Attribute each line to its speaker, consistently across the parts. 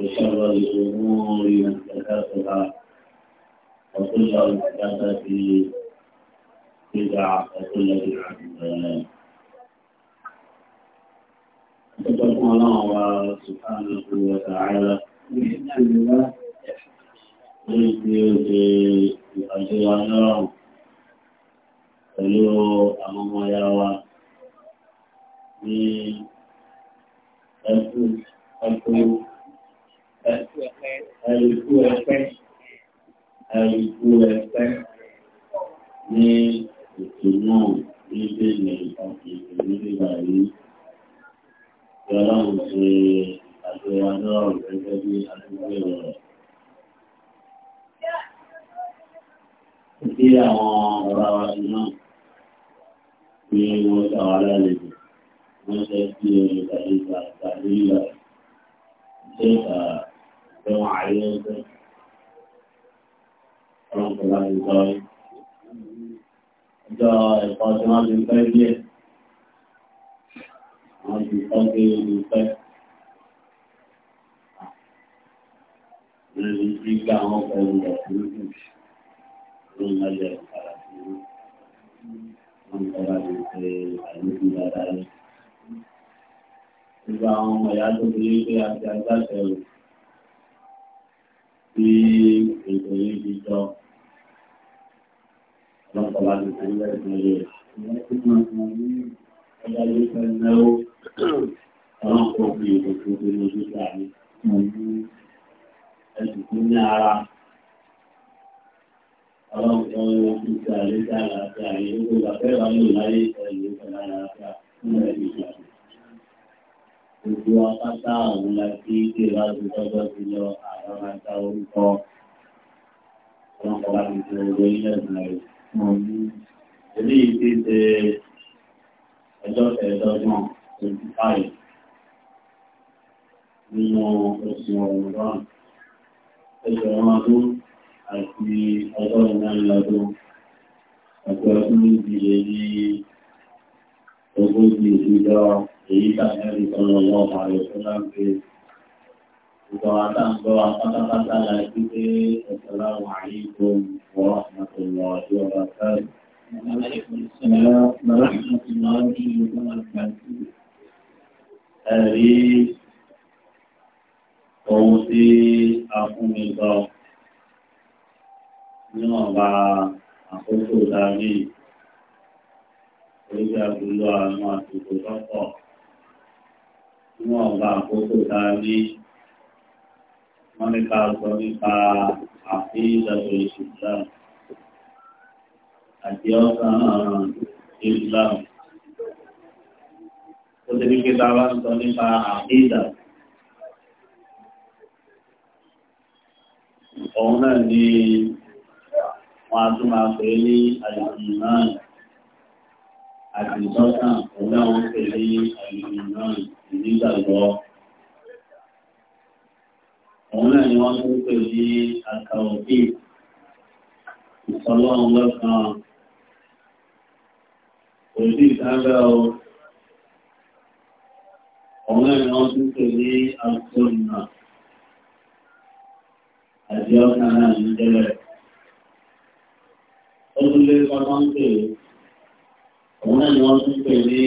Speaker 1: وشر الأمور محدثاتها وكل محدثة بدعة وكل بدعة ضلالة أتقوا الله سبحانه وتعالى pẹ̀lú àwọn ọmọ ya wa ní ẹkú ẹkú ẹ̀ẹ́dùkú ẹ̀fẹ́ ẹ̀ẹ́dùkú ẹ̀fẹ́ ní ètò náà nílé ní àti ètò nílé báyìí.
Speaker 2: Ìyọ́láwọ̀ ṣe
Speaker 1: àjọyọ̀ ọ̀rọ̀ gẹ́gẹ́ bí àdúgbò rẹ̀. Kí àwọn ọ̀rọ̀ wa ti náà ní wọ́n gbà wá wọ́n ṣe kí ẹ̀rọ ìgbàlejò àti àdúgbò rẹ̀ ṣe ìgbà. حقا عليكم رحمة الله وبركاته جاء الفاطمة بالفجر عن الفجر بالفجر Ìgbà àwọn ọmọ ọmọ ìlú ló ń lọ ìpàdé wọn kọ́ láti ṣe àlékún dáadáa. Ìgbà àwọn ọmọ ìyá tó fi ní pé a ti agbáṣẹ́ rẹ̀ tí ètò yìí fi jọ lọ́pọ̀lá ti fi lẹ́sìn yìí. Ìyẹn tí wọ́n mọ ní ọjà yìí fẹ́ náwó ọlọ́run kò fi ètò tó ti ní ojú sí àmì mọ̀ ní ẹ̀sùn tó ní ara. Ọlọ́run kò ní ojú sí àlejò àlàáfíà yìí. Gbogbo àfẹ́rẹ́ wa ní ìláyé ẹ̀yìn ìfẹ́ àlàáfíà fún ẹ̀yìn ìfẹ́ àlàáfíà gbogbo apáta àwọn láti ṣe láti tọ́jọ́ sí lọ àwọn ata orúkọ wọn kọ́ láti ṣe ọjọ́ ilé ìgbà rẹ̀. eléyìí ti ṣe ẹjọ́ kẹẹ̀ẹ́dọ́gbọ̀n twenty five nínú oṣù ọ̀rọ̀gbọ́n ẹgbẹ̀rún ọdún àti ọgọ́rùn-ún mẹ́rin ọdún ọ̀pọ̀ ọdún ní ogójì ìjọ èyí tàbí ẹni sọ̀rọ̀ lọ́wọ́ ààrẹ sọ́lá ń pe ìgbà àtàǹgbọ́ apátápátá la ẹbí pé ẹ̀sọ́lá wà ní ìgbò wọ́ àtọ̀lọ́ ọjọ́ ọba sáré. Ẹ̀rí ohun tí a fún mi sọ níwọ̀nba àkókò dárí orí àgbélọ́ àwọn àtìkò lọ́pọ̀ wọn ọba àkókò tá a ní wọn ní ká sọ nípa àfihàn Islam àti ọ̀sán Islam ó ti ní kí tá a bá ń sọ nípa àfihàn. òun náà ni wọn a tún máa pè é ní àìsàn náà àti ìtọ́sàn òun náà wọ́n pè é ní àìsàn náà sì Òun náà ni wọ́n tún pè ní àkàwọ̀bí ìsọlọ́run lọ́sàn Òbí ìkábẹ́ o. Òun náà ni wọ́n tún pè ní àkọ́nà. Àti náà ń jẹ́lẹ̀. Ó tún lé sọ́kàn pè. Òun náà ni wọ́n tún pè ní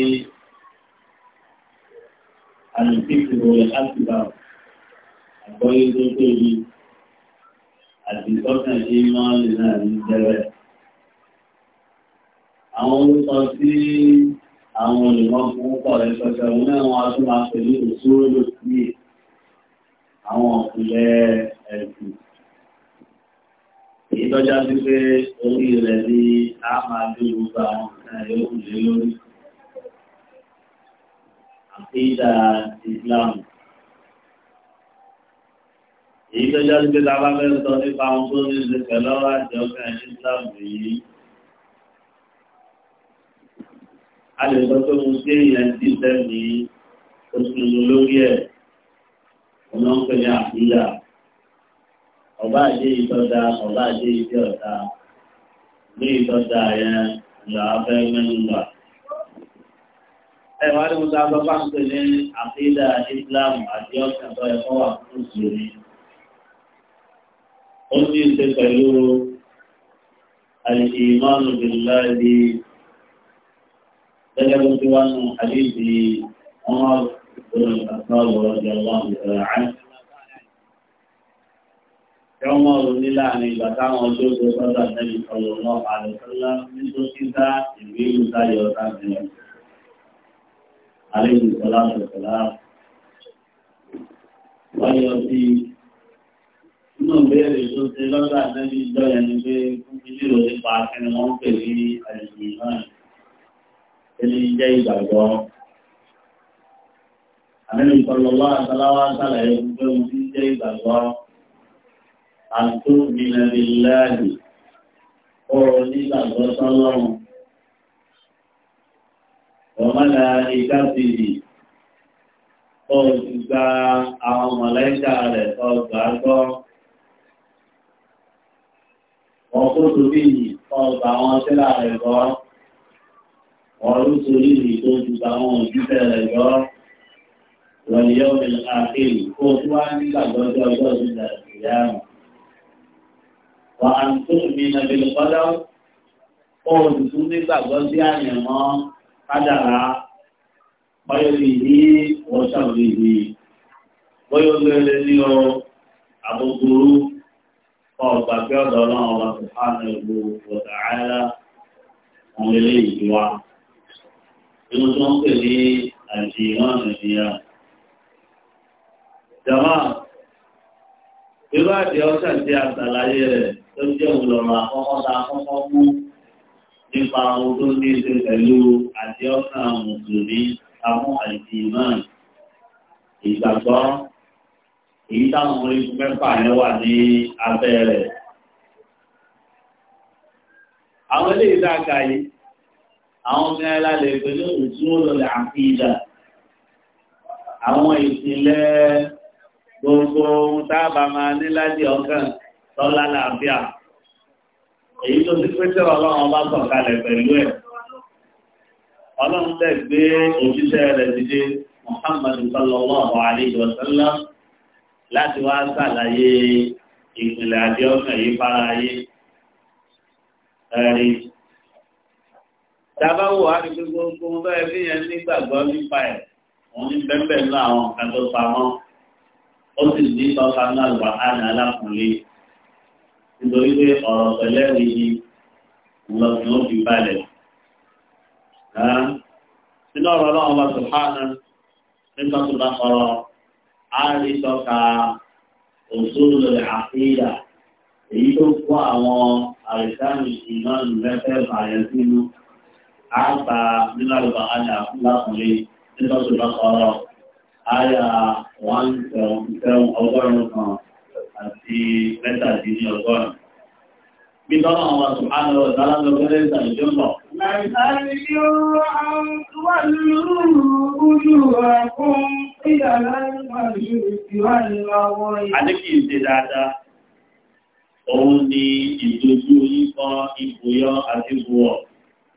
Speaker 1: àlùfíìsì wọlé láti bá àgbọ́yé tó tóbi àdìsọ́kàn ṣe máa lè náà ní tẹ́lẹ̀. Àwọn orúkọ tí àwọn olùkọ́ fún pọ̀ lẹ́sọ̀tẹ̀ òun náà wọ́n á tún máa pè ní òṣòro lòsíyè àwọn òkúlẹ̀ ẹ̀sìn. Èyí tọ́já sí pé orí rẹ̀ ni a máa dé gbogbo àwọn nǹkan ẹ̀yọ́ òkúlẹ̀ lórí ìdá ìsìlámù. èyí tó jẹ́ pé tábà fẹ́ sọ nípa ohun tó ní ṣe pẹ̀lú ọ̀rọ̀ àti ọ̀gá ìsìlámù yìí. a lè sọ pé mo ṣe ìyẹn tí sẹ́mi oṣù lórí ẹ̀ ọ̀nà ń pè ní ọba àṣẹ ìtọ́jà ọba àṣẹ ní ìtọ́jà yẹn là á mẹ́nu gbà ẹ̀wọ̀n ní gbogbo agbọ́pá ń pè ní àfíìdà Islam àti ọ̀sán tó ẹ̀kọ́ wà fún ìṣòro. ó ní ṣe pẹ̀lú alìsìmánu bìláàdì gẹ́gẹ́ bó ti wá nù àdéhìí wọn lórí àtọ́wọ̀ ọjà wọn ìṣẹ̀lẹ̀ àá. Yọ́mọ̀ òní láàrin ìgbà táwọn ọjọ́ tó sọ́dọ̀ àtẹ́lẹ̀ ọ̀lọ́mọ́ àlùfẹ́lá nítòsí dá ìwé ìlú táyọ̀ ọ̀tá bìnrin. عليه الصلاة والسلام wáyé ọtí inú ìbéèrè tó ṣe lọ́dọ̀ àtẹ́bí ìjọyẹ̀ ni pé ilé ìlú nípa akẹ́ni wọ́n ń pè ní àyèjì náà ẹni jẹ́ ìgbàgbọ́. àmẹ́lì ìkọlọ́wọ́ àtàláwá sàlàyé pé mo ti ń jẹ́ ìgbàgbọ́ àtúnbìnrin láàyè ọ̀rọ̀ nígbàgbọ́ sọ́lọ́run وملائكته ọ̀gbà àwọn mọ̀lẹ́kà rẹ̀ ọgbà gbọ́. ọkùnrin bí yìí ọgbà àwọn sílà rẹ̀ gbọ́. ọ̀rú torí yìí tó ju àwọn òjúfẹ́ rẹ̀ gbọ́. wọ̀nyí ọ̀rẹ́ àkéyì kó o tún wá nígbà lọ́jọ́ ọjọ́ ìgbà ìyá rẹ̀. wà á mi nàbẹ̀lẹ̀ kọ́dọ̀ kó o tún nígbàgbọ́ sí àyẹ̀mọ́ kádàrá báyọ̀lì ní ọ̀ṣàlùmí ní bọ́yọ̀lù ẹlẹ́ ní ọ àbúgbòrú ọgbà pé ọ̀dọ̀ náà wà sùpánù ìlú ọ̀dà ààrẹ àwọn eléyìí wá. Inú tó ń pè ní àti ìwọ̀n nìyà. Jàmá, irú àti ọ̀ṣà tí a ṣàlàyé rẹ̀ tó jẹ́ òun lọ́rọ̀ àkọ́kọ́ ta àkọ́kọ́ fún nípa ohun tó ní ṣe pẹ̀lú àdéhùn mùsùlùmí àwọn àìsí náà. Ìgbàgbọ́ èyí táwọn orígun mẹ́fà yẹn wà ní abẹ́ rẹ̀. Àwọn ilé ìdáka yìí, àwọn ọmọ ẹlá lè pè ní òṣùwòlọ́lẹ̀ àfihàn. Àwọn ìpìlẹ̀ gbogbo ohun tá a bá máa ní láti ọkàn tọ́lá làbíà èyí tó ti pé tẹ́rọ ọlọ́run bá sọ̀ kalẹ̀ pẹ̀lú ẹ̀ ọlọ́run tẹ̀ gbé òjíṣẹ́ rẹ̀ dìde muhammadu sallallahu alayhi wa sallam láti wá sàlàyé ìpìlẹ̀ àti ọ̀sán yìí fara ayé ẹ̀rí dábàwò àdìgbò gbogbo bẹ́ẹ̀ bí yẹn nígbàgbọ́ nípa ẹ̀ wọ́n ní bẹ́ẹ̀ bẹ́ẹ̀ náà àwọn kan tó pamọ́ ó sì ní ìtọ́ka náà wà á ní alákùnrin nítorí pé ọ̀rọ̀ pẹ̀lẹ́ rí ni lọ́sùn ó fi balẹ̀. Nínú ọ̀rọ̀ náà wọ́n sọ hánà nígbà tó bá sọ̀rọ̀ á rí tọ́ka òṣòro lórí àfihàn èyí tó kó àwọn àrísàmì ìnáwó mẹ́fẹ́ bàyẹ̀ sínú àgbà nínú àlùbọ̀ àjà lákùnrin nígbà tó bá sọ̀rọ̀ àyà one seven seven ọgọ́rùn-ún kan àti mẹ́tàdínlọ́gọ́rùn-ún. Bí tọ́lá àwọn àtùmánà rọ̀ tálá lọ gẹ́rẹ́ ìtàlẹ́jọ́ lọ. Àdékì ìṣe dáadáa, òun ni ìdójú yíkọ ìbòyọ àti ìbòwọ̀.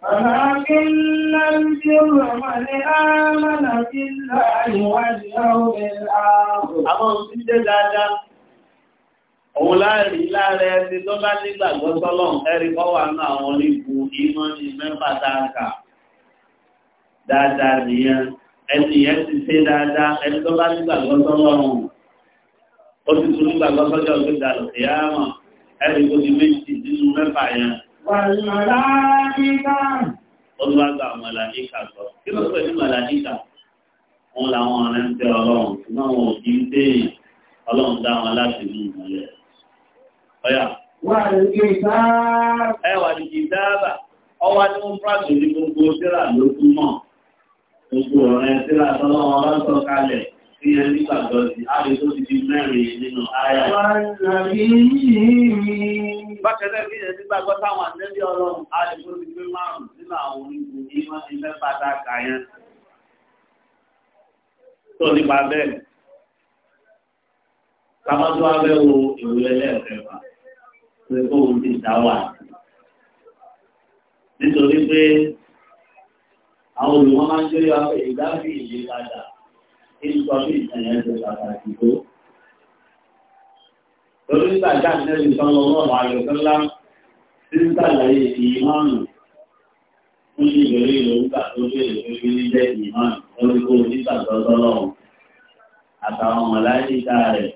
Speaker 1: ولكن
Speaker 2: البر من آمن بالله واليوم الآخر
Speaker 1: òun láàrin láàrin ẹni tó bá nígbàgbọ́ sọ́lọ́n ẹ̀rí kọ́ wà ní àwọn onígun ìmọ̀ ní mẹ́fà dáàkà dáadáa nìyẹn ẹni yẹn ti ṣe dáadáa ẹni tó bá nígbàgbọ́ sọ́lọ́n ó ti tún nígbàgbọ́ sọ́jọ́ òfin dàlù ìyá mọ̀ ẹ̀rí kò ní méjì nínú mẹ́fà yẹn. olùwàgbà màlàíkà sọ kí ló pè ní màlàíkà wọn làwọn ọ̀rẹ́ ń tẹ ọlọ́run ṣùgbọ́n wọn ò kí ń tẹ̀yìn ọlọ́run dá wọn láti mú ìmọ̀lẹ̀ ọ̀yà. Ẹwà ní ìdáàbà, ọwá ní wọ́n pàtàkì ní gbogbo síra ló tún mọ̀. Gbogbo ọ̀rẹ́ síra tọ́lọ́wọ́ lọ́sọ̀ kalẹ̀ sí ẹ nígbàgbọ́ sí àbí tó ti di mẹ́rin nínú ayà.
Speaker 2: Bákẹ́lẹ́ bí ẹ nígbàgbọ́ táwọn àtẹ́bí
Speaker 1: ọlọ́run àbí tó ti gbé márùn-ún sínú àwọn onígun ní wọ́n ti fẹ́ padà kà yẹn. Tó nípa bẹ́ẹ̀. Kámọ́tò abẹ́ wo ìwé pé kóun ti dá wà. nítorí pé àwọn olùwọ́n máa ń gbé wa pé ìdábì ìlé padà kí n sọ bí ìtàn yẹn ṣe pàtàkì tó. lórí nígbà tí àtẹ́lẹ̀ ìtàn lọ́wọ́ àyọ̀kọ́lá ti ń sàlàyé ìmáàmù fún ìgbèrè ìlòǹkà tó béèrè pé kí ní jẹ́ ìmáàmù lórí kó onígbàgbọ́ sọ́lọ́run àtàwọn mọ̀láyíká rẹ̀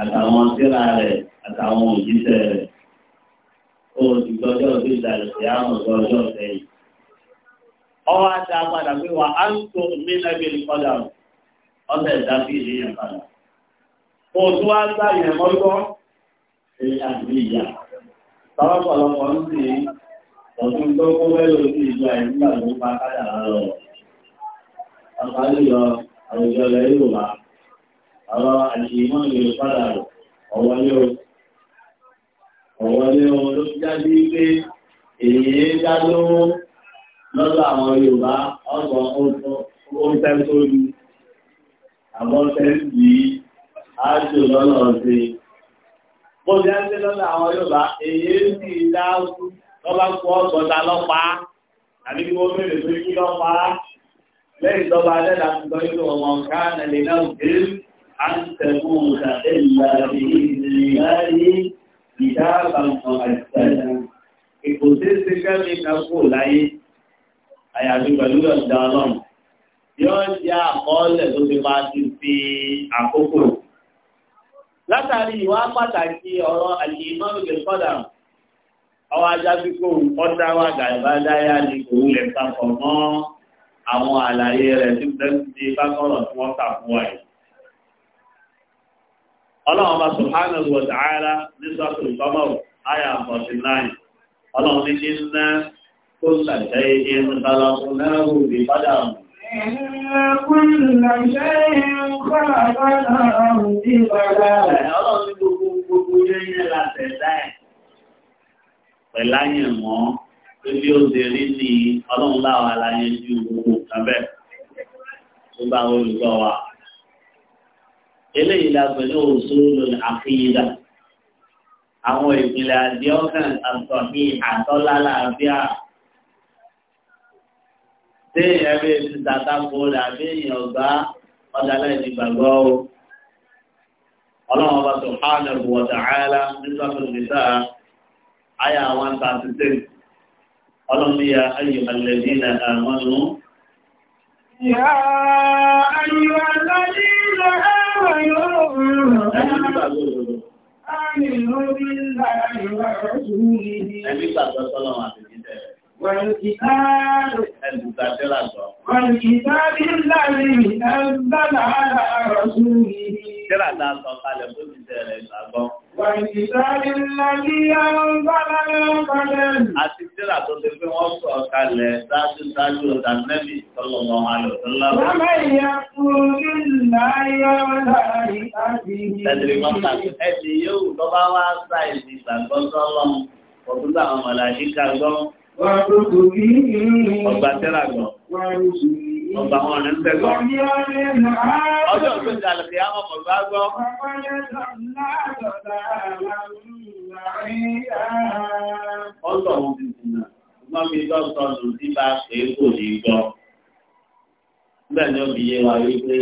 Speaker 1: àtàwọn síra rẹ̀ àtàwọn òjíṣẹ́ rẹ̀ oṣù tọjọ́ tó ìdàlẹ̀ sí àwọn ọjọ́ sẹ́yìn. ọwọ́ àti agbada pé wà á ń tó mí lẹ́gbẹ̀ẹ́ ní kọ́dà ọ̀sẹ̀ ìdábí ìléyìn padà. oṣù wa gbà yẹn mọ́gbọ́ ṣe àgbé ìyá. sọ́lọ́pọ̀lọpọ̀ ń sì ọdún tó kó wẹ́lẹ̀ ojú ìjọ àìsíkà ló pa kádà lọ. àpáyọ àwùjọ ilẹ̀ Yorùbá ọ̀rọ̀ àti ìmọ̀ ìlú padà ọ̀wọ́ yóò Ọ̀wọ́ ní ohun ló jáde pé èyí dá lówó lọ́dọ̀ àwọn Yorùbá ọ̀sọ̀ oúnjẹ tó lu. Àwọn tẹ́ǹtì ájò lọ́nà ọ̀sẹ̀. Bó jẹ́ ń lọ́dọ̀ àwọn Yorùbá, èyí sì dá lọ́bá kú ọ̀sọ̀ta lọ́pàá. Àbí kí wọ́n bèèrè pé kí lọ́pàá lẹ́yìn tọ́ba alẹ́dà ti gbọ́ yóò ọmọ ọ̀ká nàlẹ́ náà dé. Àǹtẹ̀kùn ìtàdé ìlànà ìlú kìtàbà kan àìsàn ìkò tí ń ṣe kẹ́mi kakú láyé àyàfi pẹ̀lú ọ̀dà ọlọ́run yóò jẹ́ àkọọ́lẹ̀ tó ti máa ti fi àkókò. látàrí ìwà pàtàkì ọ̀rọ̀ àlìmọ́rù lè kọ́dà ọwọ́ ajá bí wà gàdá dáyà ni kò lè papọ̀ mọ́ àwọn àlàyé rẹ̀ tí bẹ́ẹ̀ ti bá kọ́rọ̀ tí wọ́n kà fún ọlọ́run bá subhanahu wa ta'ala ní sọ́tò ìfọ́mọ̀rù àyà àbọ̀sí náà ọlọ́run ní kí ná kó làjẹ́ ìdí ńlá ọ̀nàrù bí padà mù.
Speaker 2: ọlọ́run ní gbogbo gbogbo yẹn
Speaker 1: mọ́ bí ó ṣe rí ní ọlọ́run láwa láyé ju gbogbo kan bẹ́ẹ̀ tó bá olùgbọ́ wa eléyìí la pẹ̀lú usulul aqida àwọn ìpìlẹ̀ àdéhùn àtọ̀hí àtọ́lálàáfíà tí ẹ̀rí ti tàtà kó làbí èèyàn ọ̀gá ọ̀dàlẹ̀ ìdìgbàgbọ́ o. ọlọ́run ọba subhanahu wa ta'ala nígbà tó ti sá àyà one thirty six ọlọ́run yà ayyuhal ladina amanu.
Speaker 2: yà ayyuhal ladina amanu. Tẹ́lá ta sọ kalẹ̀ bó ti tẹ̀rẹ̀ ìgbàgbọ́. Àti
Speaker 1: tíra tó ti pé wọ́n sọ kalẹ̀ dájú dájú ọ̀dà nẹ́bì tọ́lọ̀mọ́ àlọ́tọ́lá. Lọ́mọ
Speaker 2: ìyá fún nílá yọ láàrin àti ìlú. Ẹ̀dìrí
Speaker 1: mọ́ta ẹni yóò tọ́ bá wá sáì ìgbàgbọ́ sọ́lọ́mù, ọdún táwọn mọ̀lá yíká gbọ́n.
Speaker 2: Ọgbà tẹ́lá gan. Ọgbà wọn rẹ̀ ń tẹ́lọ. Ọjọ́ tó jà lè yá ọmọ bá gbọ́. Ọjọ́
Speaker 1: wọn fi jìnà. Wọ́n mi gbọ́ sọ́nù tí bá pé kò ní gbọ́. Bẹ́ẹ̀ ni ó fi yé wa wípé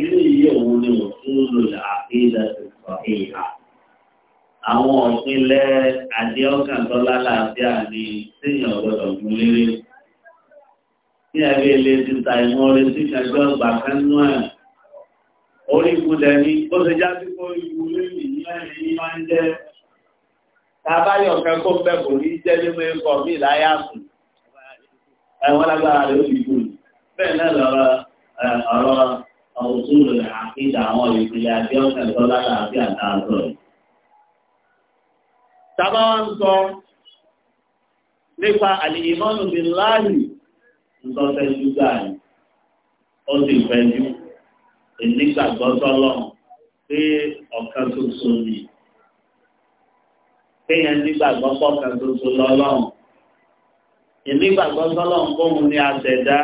Speaker 1: ilé yìí òun ni òun lò àkéjà ìsọ̀kéyà àwọn ìpínlẹ̀ àdéhùnkàntọ́lá làbíà ni téèyàn gbọdọ̀ fún lílé. Ní ẹgbẹ́ ilé ti ta ìmọ̀ orin sí ìṣẹ́jọ́ ọgbà kánú Orí ìkúlẹ̀ ni ó ṣe já
Speaker 2: sí kó ìlú lórí ní ẹ̀rín ní máa ń jẹ́.
Speaker 1: Tábáyọ̀ kan kó fẹ́ kò ní jẹ́ nínú ikọ̀ mí láyà sùn. Ẹ̀wọ̀n lágbára rẹ̀ ó fi kú. Bẹ́ẹ̀ náà lọ́rọ̀ ọ̀rọ̀ ọ̀tún rẹ̀ àkídà àwọn ìpínlẹ̀ àdéhùnkàntọ́lá làbíà náà sọ̀rọ̀ tábà wá ń sọ nípa àlìyémọ́nù bíi láàyè ńlọ́fẹ́ júgà yìí ó sì fẹ́jú ìnígbàgbọ́ sọ́lọ́ pé ọ̀kan ṣoṣo ni kéèyàn nígbàgbọ́ pọ̀ kan ṣoṣo lọ́lọ́run ìnígbàgbọ́ sọ́lọ́run fóun ni àtẹ̀dá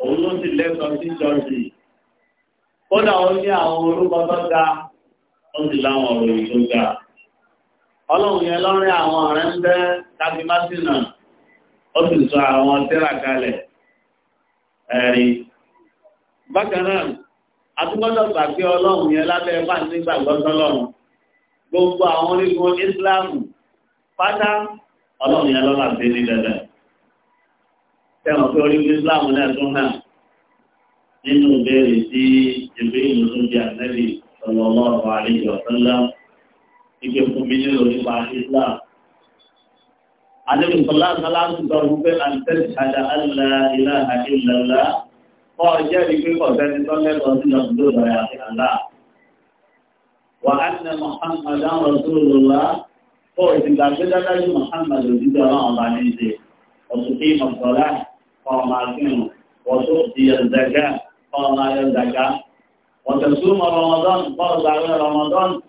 Speaker 1: òun ló ti lẹ́tọ̀ọ́ sí jọ́sìn kódà ó ní àwọn orúkọ tó ga ó sì láwọn òròyìn tó ga ọlọ́run yẹn lọ́rin àwọn ọ̀rẹ́ ń bẹ́ tàbí másìnà ó sì sọ àwọn tẹ́rà kalẹ̀ ẹ̀rí bákan náà atúgbọ́dọ̀ gbà pé ọlọ́run yẹn lábẹ́ bá nígbàgbọ́ sọ́lọ́run gbogbo àwọn onígun ìsìláàmù pátá ọlọ́run yẹn lọ́la sí ní dẹ̀dẹ̀ tẹ̀wọ̀n pé onígun ìsìláàmù náà tún hàn nínú ìbéèrè tí ìbéèrè tó mi lérò kan Rasulullah Ramadan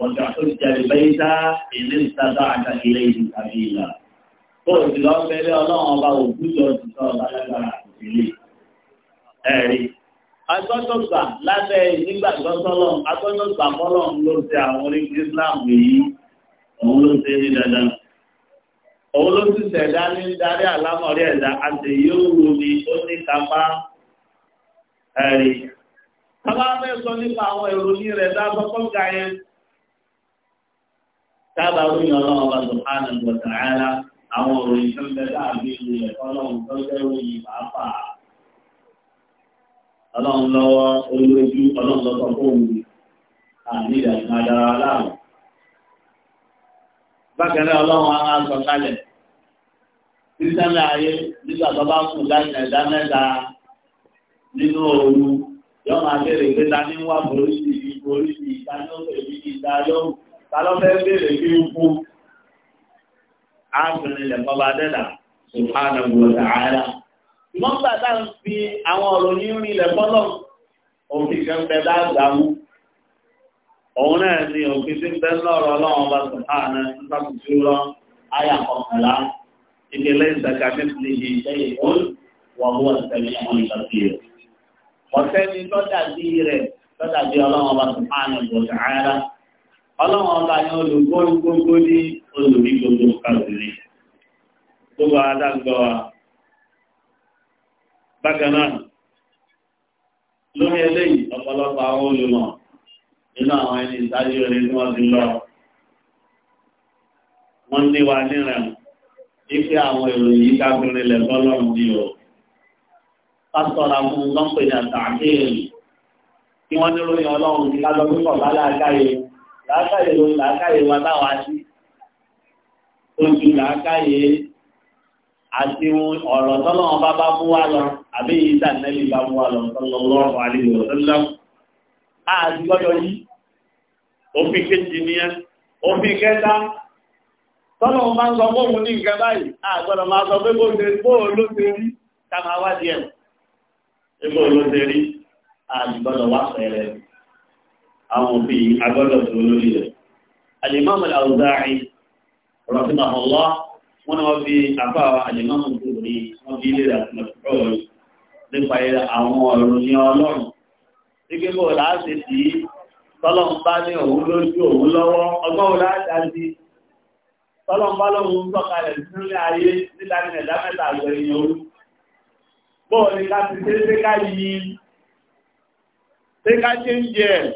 Speaker 1: وتحج البيت إن استطعت إليه سبيلا tó ti lọ bẹ̀rẹ̀ ọlọ́run ọba òkújọ ti sọ ọ̀lágbára òṣèlè ẹ̀rí. agbọ́dọ̀gbà lábẹ́ nígbàgbọ́ sọ́lọ́ agbọ́dọ̀gbà fọ́lọ́ ló ṣe àwọn orí Islam yìí òun ló ṣe ní dandan. òun ló sì ṣẹ̀dá ní darí àlámọ̀rí ẹ̀dá àti yóò ní ó ní kápá ẹ̀rí. bàbá fẹ́ nípa àwọn ìròyìn rẹ̀ dá sábà ròyìn ọlọ́run ọba subhanahu wa ta'ala àwọn òròyìn tó ń bẹ láàbí ìlú ẹ̀kọ́ ọlọ́run tó jẹ́ ròyìn pàápàá ọlọ́run lọ́wọ́ olójú ọlọ́run lọ́sọ̀ fóun àmì ìdàgbà dára láàrú. bákan náà ọlọ́run á máa sọ kálẹ̀ sísẹ́lẹ̀ ayé nígbà tó bá kù láti ẹ̀dá mẹ́ta nínú òru yọ́n máa bẹ̀rẹ̀ pé ta ní wà polisi polisi ta ní ó tàlọ́fẹ́ bèèrè bí ikú ápìnrin lẹ̀kọ́ bá dẹ́dà subhanahu wa ta'ala ìmọ̀ nígbà tá ń fi àwọn ọ̀rọ̀ ní rí lẹ̀kọ́ náà òfin kan bẹ bá gbàmú òun náà ni òfin tí ń bẹ lọ́rọ̀ ọlọ́run bá subhanahu nígbà tó ti rọ ayà kọkànlá rẹ̀ ọ̀sẹ́ni bí rẹ̀ tọ́jà bí ọlọ́run bá subhanahu wa ta'ala ọlọ́wọ́n ọba ni olùkọ́ gbogbo ní olùbí gbogbo kàlùmí gbogbo adágbọ́ wa bákan náà lórí eléyìí ọ̀pọ̀lọpọ̀ àwọn olùmọ̀ nínú àwọn ẹni ìdájú rẹ̀ tí wọ́n ti lọ wọ́n ní wa nírẹ̀ ife àwọn ìròyìn yìí káfíńrin lẹ̀ bọ́lọ́run ní o pásítọ̀rà fún lọ́pẹ̀ ní àtàkéèrè kí wọ́n ní lórí ọlọ́run ní lájọ́ pípọ̀ bá láàkáyé làákàyè ló làákàyè wa táwa sí ojú làákàyè àti ọ̀rọ̀ tọ́lọ́wọ́n bá bá mú wa lọ àbí yìí dànẹ́lì bá mú wa lọ sallallahu alaihi wa sallam àti gbọ́dọ̀ yí òfin kejì ni ẹ́ òfin kẹta tọ́lọ́wọ́n máa ń sọ fóòmù ní nǹkan báyìí àgbọ́dọ̀ máa sọ pé bóò ló ṣe rí táwọn awádìí ẹ̀ bóò ló ṣe rí àgbọ́dọ̀ wá pẹ̀rẹ̀ àwọn òfin agbọ́dọ̀ tó lórí rẹ̀. Al-Imam al-Awza'i rahimahullah wọ́n ni wọ́n fi àpá al-Imam al-Kubri wọ́n fi ilé rẹ̀ àtúnṣọ́rọ̀ nípa àwọn ọ̀rọ̀ ní ọlọ́run. Ike bó láti sí tọ́lọ́n bá ní òun lójú ayé nílá ní ẹ̀dá orú. Bọ́ọ̀ ni ká ti ṣe ṣe ká yí ṣe ká ṣe ń jẹ ẹ̀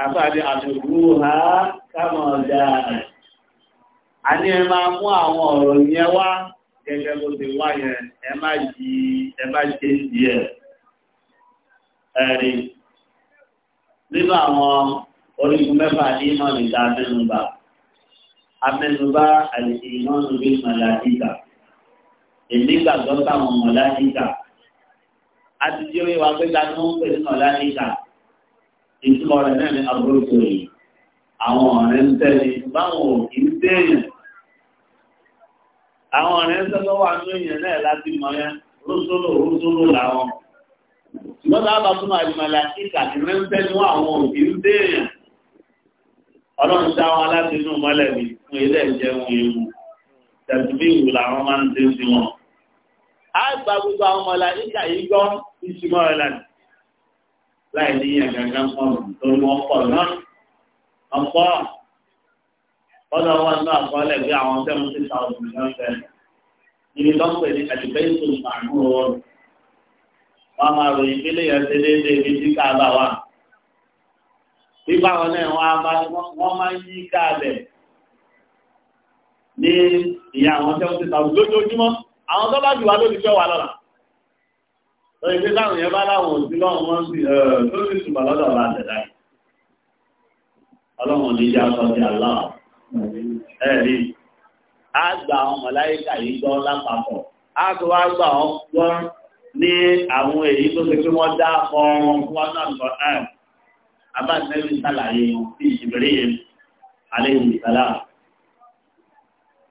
Speaker 1: àbáde àtòkú ha kámọ̀ dáadáa. a ní ẹ máa mú àwọn ọ̀rọ̀ yẹn wá gẹ́gẹ́ bó ti wá yẹn ẹ má yí ẹ má ṣe díẹ̀ ẹ̀rí nínú àwọn orígun mẹ́fà ní ìmọ̀ níta mẹ́nubà amẹ́nubà àti ìmọ̀ níbi mọ̀láyíkà ìdígbàgbọ́ táwọn mọ̀láyíkà a ti jẹ́ wíwá pé ta ni wọ́n pè ní mọ̀láyíkà túmọ̀ rẹ̀ náà ní àbúrúkú yìí àwọn ọ̀rẹ́ ń tẹ̀lé báwọn ò kì í téèyàn àwọn ọ̀rẹ́ ń tẹ́lọ́ wà ní èèyàn náà láti mọ̀ yẹn rúṣúlù rúṣúlù làwọn ṣùgbọ́n tá a bá túmọ̀ àdìmọ̀lá kíkà ní rẹ́ńtẹ́ ní àwọn ò kì í ọlọ́run dá wọn láti inú mọ́lẹ̀bí fún ilé ìjẹun ewu tẹ̀síbí ìwù làwọn máa ń dé wọn. a gba àwọn ọmọ ìlànà yìí láì ní ẹ̀gàgà pọ̀lù torí wọ́n pọ̀ náà. ọ̀pọ̀ ọ̀dọ̀ wọn náà kọ́lẹ̀ bí àwọn seventy thousand náà fẹ́. níbi tó ń pè ní àdìbẹ́sù àánú ọ̀rọ̀. wọ́n máa ròyìn pélé yẹn ṣe déédéé bí tí káàbà wà. bíbáwọn náà wọ́n máa ń yí káàbẹ̀ ní ìyá àwọn seventy thousand lójoojúmọ́ àwọn tó bá jù wá lójú fẹ́ wà lọ́la lórí pé táwọn yẹn bá láwọn òsì lọ́wọ́ wọn sí ẹ̀ lórí ìtumọ̀ lọ́dọ̀ ọ̀la àtẹ̀dá yìí ọlọ́run ní yá sọ sí aláà ẹ̀ rí a gba àwọn mọ̀láyíkà yìí gbọ́ lápapọ̀ a tó wá gba èyí tó ṣe pé wọ́n dá ọrùn wọn náà lọ ẹ̀ abáṣẹ́lẹ̀ sàlàyé sí ìṣìbẹ̀rẹ̀ yẹn alẹ́ ìṣàlá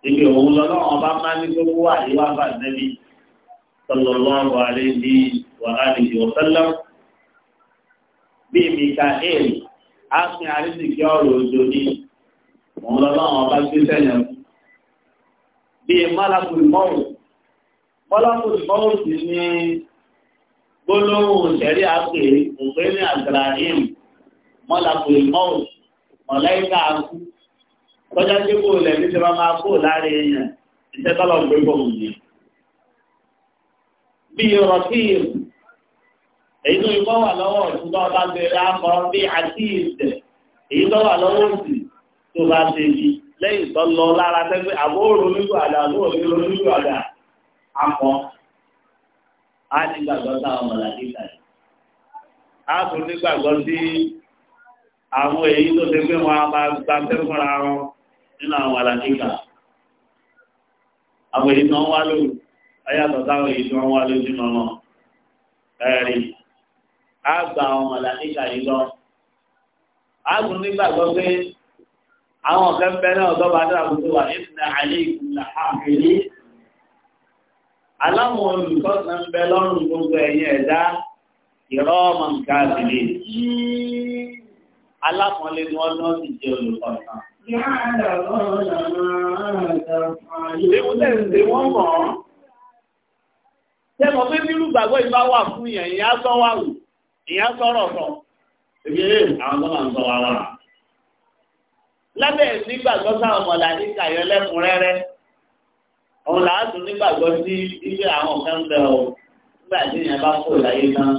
Speaker 1: ìgbè òun lọ́nà ọba máa ní gbogbo àyíwá bá nẹ́bí sallallahu alayhi wa alihi wa sallam bí mikael á sin àrísìkí ọ̀rọ̀ òjò ní wọn lọ́lọ́run ọba gbé sẹ́yìn bí malakul mọ́wù malakul mọ́wù sì ní gbólóhùn ṣẹ̀rí àpè òpé ní àgbàràhìm malakul mọ́wù mọ̀lẹ́kà akú tọ́jà tí kò lẹ̀ ní ti máa kó láàrin èèyàn ìṣẹ́ tọ́lọ̀ gbé bọ̀ wù yìí bíi rọtíìl èyí tó yìí bọ́ wà lọ́wọ́ ọ̀tún tó bá bẹ̀rẹ̀ akọ bíi àtìsẹ èyí tó wà lọ́wọ́ òsì tó bá ṣe bí lẹ́yìn tó lọ lára tẹgbẹ àbóòrò nígbà àdá àbóòrò nígbà àdá akọ á ní gbàgbọ́ táwọn mọ̀làdí kà yìí á tún ní gbàgbọ́ sí àwọn èyí tó ṣe pé wọn a máa gba tẹ́fúnra wọn nínú àwọn mọ̀làdí àwọn èyí tó ń wá lóru ayàtọ̀ táwọn èyí tí wọ́n wá lójú mọ́mọ́ ẹ̀rí á gba àwọn màlàíkà yìí lọ. á gùn nígbàgbọ́ pé àwọn ọ̀kẹ́ ń bẹ náà tọ́ba dára kó tó wà nínú àlẹ́ ìkùnlá àkèlé. aláwọn olùkọ́sán ń bẹ lọ́rùn gbogbo ẹ̀yìn ẹ̀dá ìrọ́ ọmọ nǹkan àbílẹ̀. alákọ̀ọ́lẹ̀ ni wọ́n náà ti jẹ́ olùkọ́sán.
Speaker 2: Ìwúlẹ̀ ìwọ́n tẹ́mọ̀ pé nínú
Speaker 1: ìgbàgbọ́ ìbá wà fún ìyàn ìyá sọ wà wù ìyá sọ̀rọ̀ sọ èmi rè àwọn tó máa ń sọ wà wà. lábẹ́ nígbàgbọ́ sáwọn mọ̀lá ní kàyọ lẹ́kùnrẹ́rẹ́ òun là á tún nígbàgbọ́ sí ilé àwọn kan bẹ o nígbà tí ìyẹn bá kó ìláyé tán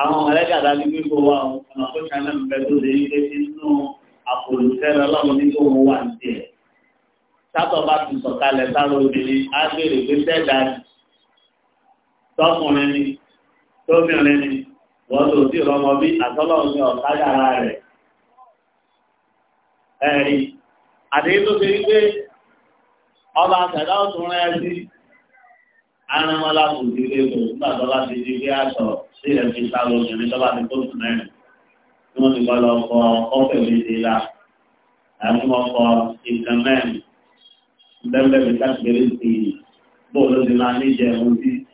Speaker 1: àwọn mọ̀lẹ́kà dájú pé kó wà ọ̀nà tó ṣàlẹ̀ ń bẹ tó lè ní létí nínú tọkùnrin ni tóbìnrin ni wọ́n tó sí ọmọ bí àtọ́lọ́run ní ọ̀tájára rẹ̀ ẹ̀rí tó ọba àtẹ̀dá ọ̀tún rẹ̀ arámọ́lá kò sí ilé tó bá ti di bí àtọ̀ sí ẹ̀fí sáré obìnrin tó bá ti tó mẹ́rin tí wọ́n ti la àti wọ́n kọ ìkan mẹ́rin bẹ́ẹ̀ bẹ́ẹ̀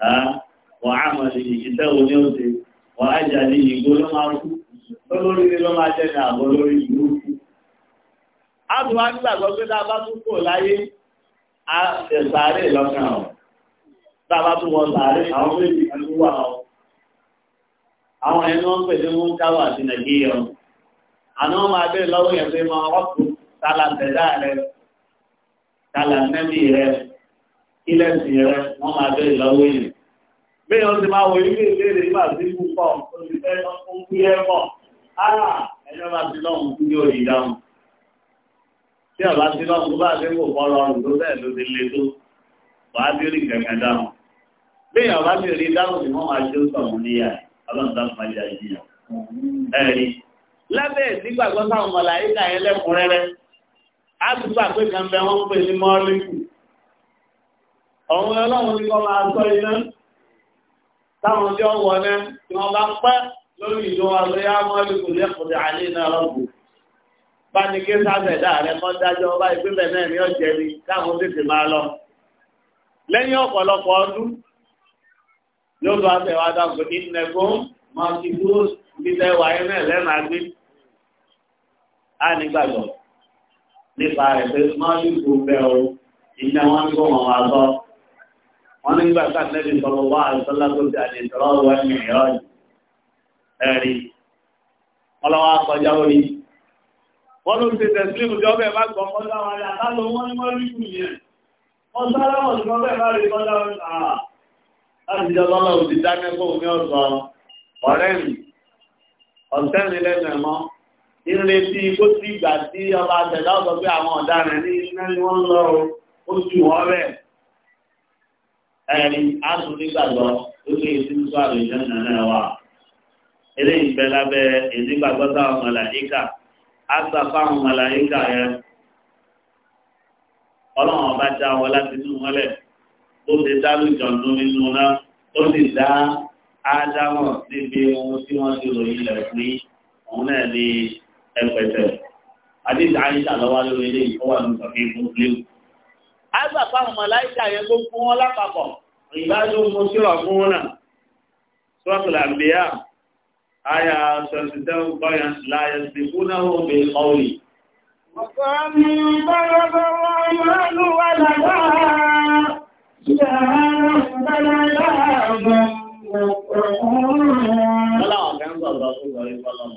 Speaker 1: wà á mọ̀ sí ìṣẹ́ òní òṣè wà á jà ní ìgbó ló máa kú olórí ni ló máa jẹ́ ní àbọ̀ lórí ìlú kú. a tún wá nígbàgbọ́ pé tá a bá tún kò láyé a sàárè lọ́kàn ọ̀ tá tún wọ sàárè àwọn méjì kan tún wà ọ́ àwọn ẹni wọn pè ní wọn dáwà sí nàìjíríà àná máa bẹ lọ́wọ́ yẹn pé máa rọ́pù tálà rẹ tálà rẹ ilẹ̀ sì rẹ wọ́n máa bẹ́ ìlọ́wọ́ yìí. Bẹ́ẹ̀ wọ́n ti máa wọ ilé ìbéèrè nígbà tí kú pọ̀ oṣù fẹ́ fún kú yẹ pọ̀. Ara ẹ̀yọ́ bá ti lọ́hùn kú ní òyì dáhùn. Tí ọ̀bá ti lọ́hùn bá ti kò pọ̀ lọ́rùn tó bẹ́ẹ̀ ló ti le tó. Wàá bí rí kẹ̀kẹ́ dáhùn. Bẹ́ẹ̀ ọ̀bá ti rí dáhùn ni wọ́n máa ṣe ó sọ̀rọ̀ níyà ọlọ́run dáhùn máa jà ìjìyà. Ẹ̀rí lábẹ́ nígbàgbọ́ sáwọn mọ̀láyíkà ti gbà pé kan bẹ ọ̀run ọlọ́run ní kọ́ máa sọ iná táwọn tí ó wọ̀ náà tí wọ́n bá pẹ́ lórí ìlú wa ló yá mọ́ ní kùlé kùlé àlè náà rọ́bù bá ní kí sábẹ̀dá rẹ kọ́ dájọ́ ọba ìpínlẹ̀ náà ní ọ̀jẹ̀ ni káwọn tètè máa lọ lẹ́yìn ọ̀pọ̀lọpọ̀ ọdún ló bá fẹ́ wá dáko ní nẹ́gbọ́n máa ti wáyé náà lẹ́nu wọ́n ní nígbà tá nẹ́bí sọlọ́wọ́ àìsọ́lá tó di àlè ìtọ́lọ́wọ́ wọn ní ìrọ́jì ẹ̀rí ọlọ́wọ́ akọjá orí wọ́n ló ń ṣe tẹ̀sílìmù tí ọbẹ̀ bá gbọ́ kọjá wọn ni àtàlù wọn ni wọ́n rí kù yẹn wọ́n sáré wọn ni ọbẹ̀ bá rí kọjá wọn ni àà láti jọ lọ́lọ́ òbí dákẹ́kọ̀ọ́ mi ọ̀sọ̀ ọ̀rẹ́ mi ọ̀sẹ́ mi lẹ́nu ẹ̀mọ́ ni ẹ̀rí aṣọ nígbàgbọ́ ó lè ti ń gbà lójú ọ̀nà náà wà. eléyìí bẹ lábẹ́ ìdígbàgbọ́ táwọn màláyíkà á gbà fáwọn màláyíkà yẹn. ọlọ́run ọba dá wọn láti inú mọ́lẹ̀ tó ti dá lójọ ọdún nínú náà tó sì dá ádámọ̀ níbi ohun tí wọ́n ti ròyìn rẹ̀ pé òun náà ní ẹgbẹ̀tẹ̀. adéjà ayíṣà lọ́wọ́ lórí eléyìí tó wà ní ìsọ̀kè àgbà fáwọn màláíkà yẹn tó fún wọn lápapọ̀ ìbájú mo ṣírọ̀ fún wọn náà suratul anbiya àyà sọ̀tìtẹ́wò báyà láyà sí fúnà wọn bí ọ̀rì.
Speaker 2: Mọ̀kànlá bọ́lá bọ́lá máa lù wà lágbàá. Ọlọ́run kan sọ̀rọ̀ fún ọ̀rẹ́ fọ́lọ́run ah,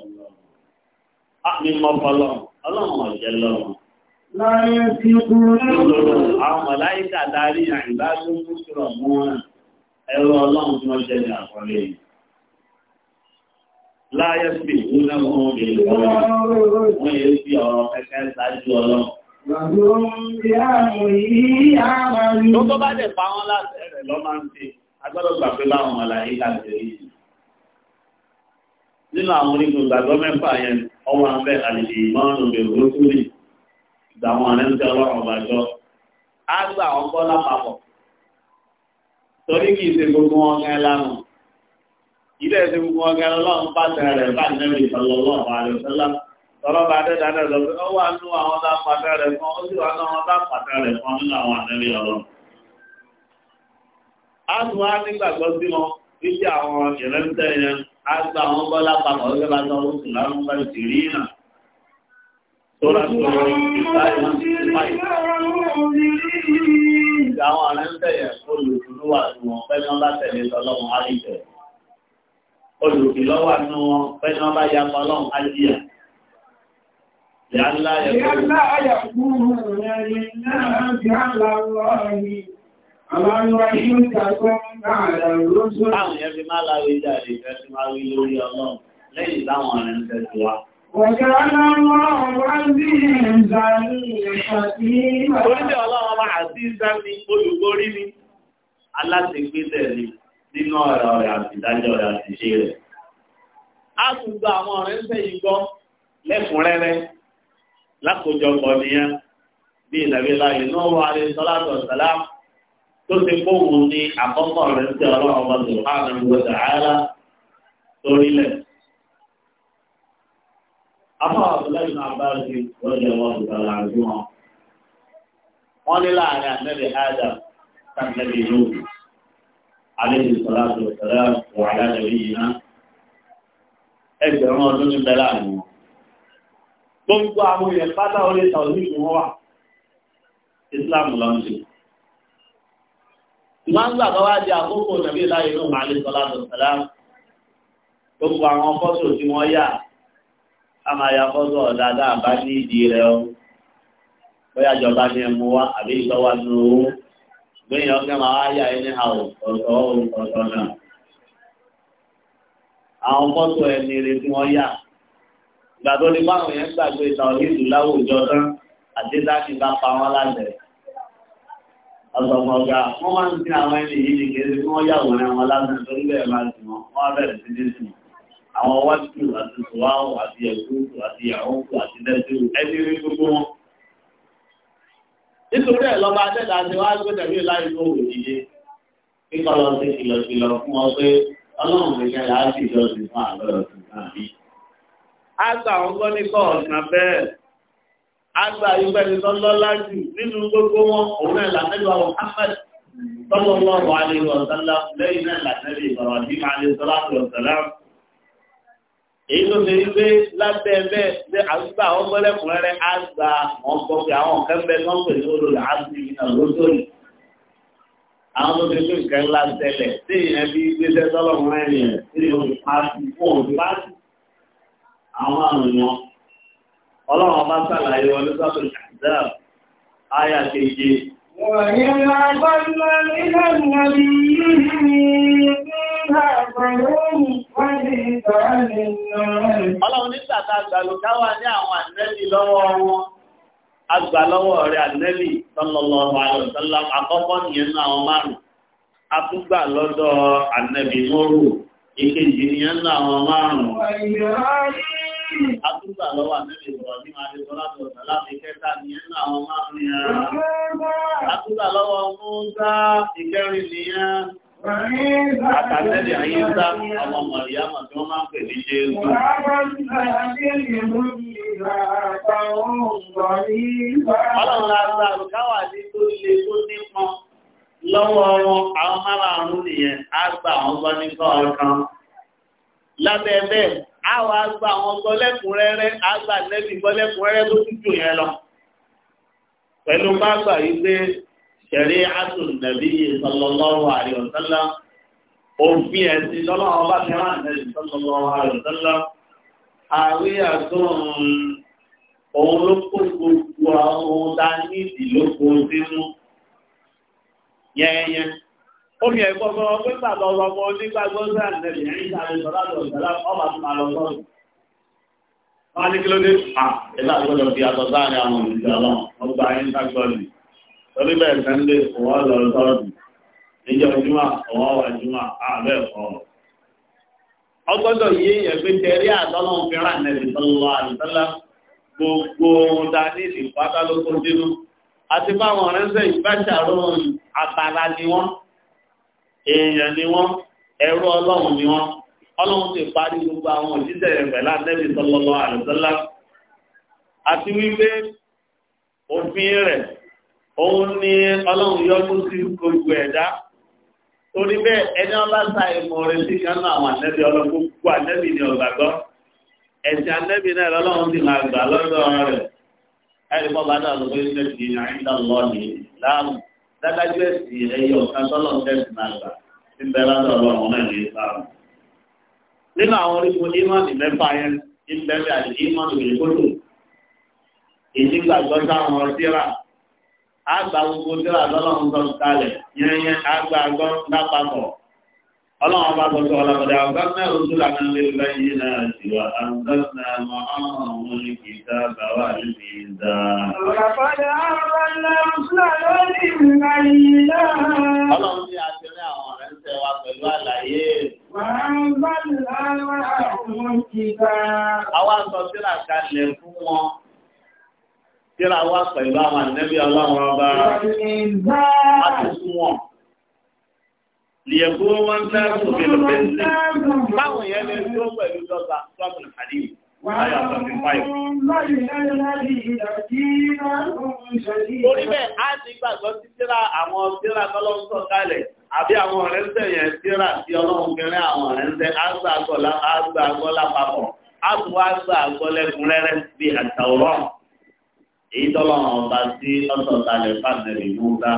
Speaker 1: lọ́run. Á fọ́lọ́run, ọlọ́run ọ̀jẹ́ lọ́run láyé sí kúrò. Àwọn mọ̀láíkà darí àìbá tó mú sọ̀rọ̀ mú wọn ẹ̀rọ ọlọ́run tí wọ́n jẹ́ ní àkọlé yìí. Láyé sí kúrò náà wọ́n lè lọ́wọ́. Wọ́n yẹ sí ọ̀rọ̀ kẹ́kẹ́ ṣáájú ọlọ́run.
Speaker 2: Tó tó bá dẹ̀ pa wọ́n láti ẹ̀rẹ̀ lọ máa ń ṣe,
Speaker 1: agbọ́dọ̀ gbà pé láwọn mọ̀láíkà tẹ̀lé yìí làwọn ọ̀rẹ́ ń tẹ ọlọ́run ọba jọ á gbà wọn kọ́ lápapọ̀ torí kì í ṣe gbogbo wọn kẹ́ lánàá ilé ẹ̀sìn gbogbo wọn kẹ́ lọ́run pàṣẹ rẹ̀ bá nẹ́bí ìfọlọ́lọ́ àlùsọ́lá tọ́lọ́ bá dẹ́dá náà lọ pé ó wà nú àwọn bá pàṣẹ rẹ̀ fún ó sì wà nú àwọn bá pàṣẹ rẹ̀ fún nínú àwọn ànẹ́bí ọlọ́run. á tún wá nígbàgbọ́ sí wọn títí àwọn ìrẹ́ntẹ́ yẹn á gba àwọn bọ́lá papọ̀ ó fẹ́ bá tọ́ Tọ́lá sọ̀rọ̀ Àwọn àrẹ ń tẹ̀yẹ̀ olùdúlówà tí wọ́n fẹ́ni ọlá tẹ̀lé lọ́lọ́run àríjẹ̀. Olùdúlọ́wà tí wọ́n fẹ́ni ọlá ya lọ́lọ́run àjíyà. Ìyá ńlá
Speaker 2: ayẹ̀kúrù rẹ̀ ní náà bí àlàwọ̀ ọ̀hìn.
Speaker 1: Àwọn ìwà ìlú ìtàkọ́ láàrẹ̀ lóṣù. Àwọn ìyẹ́ fi máa láwé jáde, ìfẹ́ sí máa wí lórí ọlọ́run lẹ́yìn táwọn
Speaker 2: àrẹ ń tẹ̀síwá. وَجَعَلَ اللَّهُ عَزِيزًا حَكِيمًا Oríṣẹ́ ọlọ́run máa àzíza ní olùgbórí ni, aláṣẹ́gbẹ́sẹ̀
Speaker 1: ni nínú ọ̀rọ̀ rẹ̀ àti ìdájọ́ rẹ̀ àti ṣe rẹ̀. A kù gba àwọn ọ̀rẹ́ ń tẹ́ ìgbọ́ lẹ́kùnrẹ́rẹ́ lákòjọpọ̀ nìyẹn bí afọ abdullahi bin abbas lọjọ ìwọ àbùkà làǹdí wọn wọn ní láàrin anabi adam sanabi yóò aleyhi salatu wa salam wa ala nabiyina ẹgbẹ̀rún ọdún ní bẹlẹ àná gbogbo àwọn èèyàn pátá orí tàwọn ìṣòwò wà islam ló ń ṣe wá di àkókò nàbí láyé ló máa lè sọ láti gbogbo àwọn fọ́tò tí wọ́n yà a máa ya fọ́tò ọ̀dà dáàbá ní ìdí rẹ̀ o bóyá ìjọba ni ẹmu wá àbí ìtọ́wà ní owó gbẹ̀yìn ọ̀gá máa yà ẹni àwọ̀ ọ̀tọ̀ ọ̀tọ̀ náà àwọn fọ́tò ẹni rẹ̀ fún ọyà ìgbà tó ní báwọn yẹn gbàgbé ìtàn ìlú láwùjọ tán àti láti bá pa wọn láṣẹ ọ̀sọ̀mọ̀gá wọ́n máa ń sin àwọn ẹni yìí ní kí wọ́n yàwòrán wọn lásán torí bẹ́ẹ̀ máa sùn wọn wọ́n bẹ̀rẹ̀ sí ní sùn àwọn wájú àti sùwáwù àti ẹ̀kúùtù àti ẹ̀húnkù àti nẹ́sìrù ẹni rí gbogbo wọn. nítorí ẹ̀ lọ́ba adẹ́dà ti wá gbé tẹ̀lé láì tó wò jíjẹ kíkọ́ lọ sí kìlọ̀kìlọ̀ fún ọ pé ọlọ́run nìkan là á sì lọ sí fún àlọ́ ọ̀sìn náà bí. a gbà wọn gbọ́ ní kọ́ ọ̀sán bẹ́ẹ̀ a gbà ìgbẹ́ ní lọ́lá jù nínú gbogbo wọn òun náà làtẹ́lẹ̀ wọn صلى الله عليه وسلم لينا لحنبي إبراهيم عليه الصلاة والسلام èyí ló ṣe wípé lábẹ́ bẹ́ẹ̀ ṣe àgbà àwọn mọ́lẹ́kùnrin rẹ̀ á gba àwọn gbọ́ pé àwọn nǹkan bẹ́ẹ̀ náà pẹ̀lú olóòlù àti ìrìnà lóṣòlì. àwọn tó ti pín nǹkan ńlá ṣẹlẹ̀ tí ìyẹn fi gbéṣẹ́ tọ́lọ́run rẹ̀ rìn tí ìyẹn fi pàṣẹ àwọn àrùn ọlọ́run ọba ṣàlàyé wọn ní sọ́tò ìṣàdáàbò áyà keje.
Speaker 2: wọ̀nyí ni agbára
Speaker 1: Ọlọ́run ní tàtà àgbàlùkáwà ní àwọn ànẹ́lì lọ́wọ́ wọn. Àgbà rẹ̀ ànẹ́lì sallallahu alaihi wasallam àkọ́kọ́ nìyẹn náà àwọn márùn-ún. A tún gbà lọ́dọ̀ ànẹ́bì mọ́rù, ìkejì nìyẹn náà àwọn márùn-ún. A tún gbà lọ́wọ́ ànẹ́bì sọ̀rọ̀ ní máa lè
Speaker 2: Àtàlẹ́lẹ̀ ayé ń dá àwọn Màríyámà
Speaker 1: tí wọ́n máa ń pè ní Jésù.
Speaker 2: Ọlọ́run lára káwà ní tó lè tó nípọn
Speaker 1: lọ́wọ́ wọn àwọn márààrún nìyẹn, á gbà wọn gbọ́ ní kọ̀ọ̀kan. Lábẹ́ bẹ́ẹ̀, á wà gbà wọn gbọ́ lẹ́kùnrẹ́rẹ́, á gbà nẹ́bì gbọ́ lẹ́kùnrẹ́rẹ́ tó ṣẹ̀rí àtúndẹ̀bí sallallahu alaihi wasallam òfin ẹ̀sìn lọ́lọ́wọ́ bá tẹ́wà nẹ́bí sallallahu alaihi wasallam àwí àtún òun ló kó gbogbo àwọn ohun tá a ní ìdílógún sínú yẹ́yẹ́ omi ẹ̀kọ́ gan pé bàbá ọmọ onígbàgbọ́ sáà nẹ́bí ẹ̀yìn sáré sọ́lá lọ́sọ̀lá ọba tó máa lọ sọ́ọ̀tù wọ́n á ní kí ló dé à ẹ̀lá àgbọ̀dọ̀ fi àtọ̀ sáà ní àwọn òṣìṣẹ́ ọlọ́run wọ́n gba ẹ̀yìn sáré torí bẹ́ẹ̀ sẹ́ńdé wọ́n lọ sọ́ọ̀dù níjọ́ júmọ̀ ọ̀wọ́ wà júmọ̀ àbẹ́ ọ̀. ọgbọ́dọ̀ yé ẹgbẹ́ tẹ̀rí àtọ́nà fẹ́ràn nẹ̀bí sọ́lọ́ àdìsọ́lá gbogbo ohun tá a ní ìsìn pátá ló tó dínú àti báwọn ọ̀rẹ́sẹ̀ ìbáṣàrò àtàrà ni wọ́n èèyàn ni wọ́n ẹrú ọlọ́run ni wọ́n ọlọ́run ti parí gbogbo àwọn òjíṣẹ́ rẹ̀ pẹ̀lú àtẹ́bí sọ́lọ́lọ́ àdìsọ́lá àti wípé òfin rẹ̀ òun ni ọlọ́run yọ́nú sí gbogbo ẹ̀dá torí bẹ́ẹ̀ ẹni ìmọ̀ rẹ̀ sí kánú àwọn ànẹ́bí ànẹ́bí ni ọ̀gbàgbọ́ ẹ̀sìn ànẹ́bí náà lọ́lọ́run ti máa gbà lọ́dọ̀ rẹ̀ ẹ̀rí mọ́ bá dáa lọ́gbẹ́ ilé ti ní àyíká lọ́ ní láàmú dádájú ẹ̀sìn tẹ̀sí gbà lọ́dọ̀ ọlọ́run náà ní àgbà gbogbo tíra lọ́lọ́run tó ń kalẹ̀ yẹnyẹn àgbà gbọ́ lápapọ̀ ọlọ́run bá gbọ́ tó ọlọ́pàá ọgbọ́n náà ló tó lànà lè lọ yìí náà sí wa àǹdọ́sìnà mọ́ ọmọ kì í dá bàbá rẹ̀ sí ọlọ́run
Speaker 2: ní àtẹ̀lẹ́ àwọn
Speaker 1: ọ̀rẹ́ ń tẹ̀ pẹ̀lú àlàyé. Tíra wá pẹ̀lú àwọn ànẹ́bí ọlọ́run ọba láti sún wọn. Lìyẹ̀kú wọn ń dáàbò bèèrè bẹ̀rẹ̀ báwọn yẹn lè dúró pẹ̀lú dọ́gba sọ́ọ̀bù Hadi. Orí bẹ́ẹ̀ á ti gbàgbọ́ sí tíra àwọn tíra tọ́lọ́run kalẹ̀ àbí àwọn ọ̀rẹ́ yẹn tíra sí ọlọ́run àwọn ọ̀rẹ́ á gbà àgọ́ lápapọ̀, á tún wá gbà àgọ́ lẹ́kùnrẹ́rẹ́ bíi àtàwọ̀rọ̀ èyí tọ́lọ́ ọba tí ọ̀sọ̀talẹ̀ fàtẹ̀lẹ̀ múta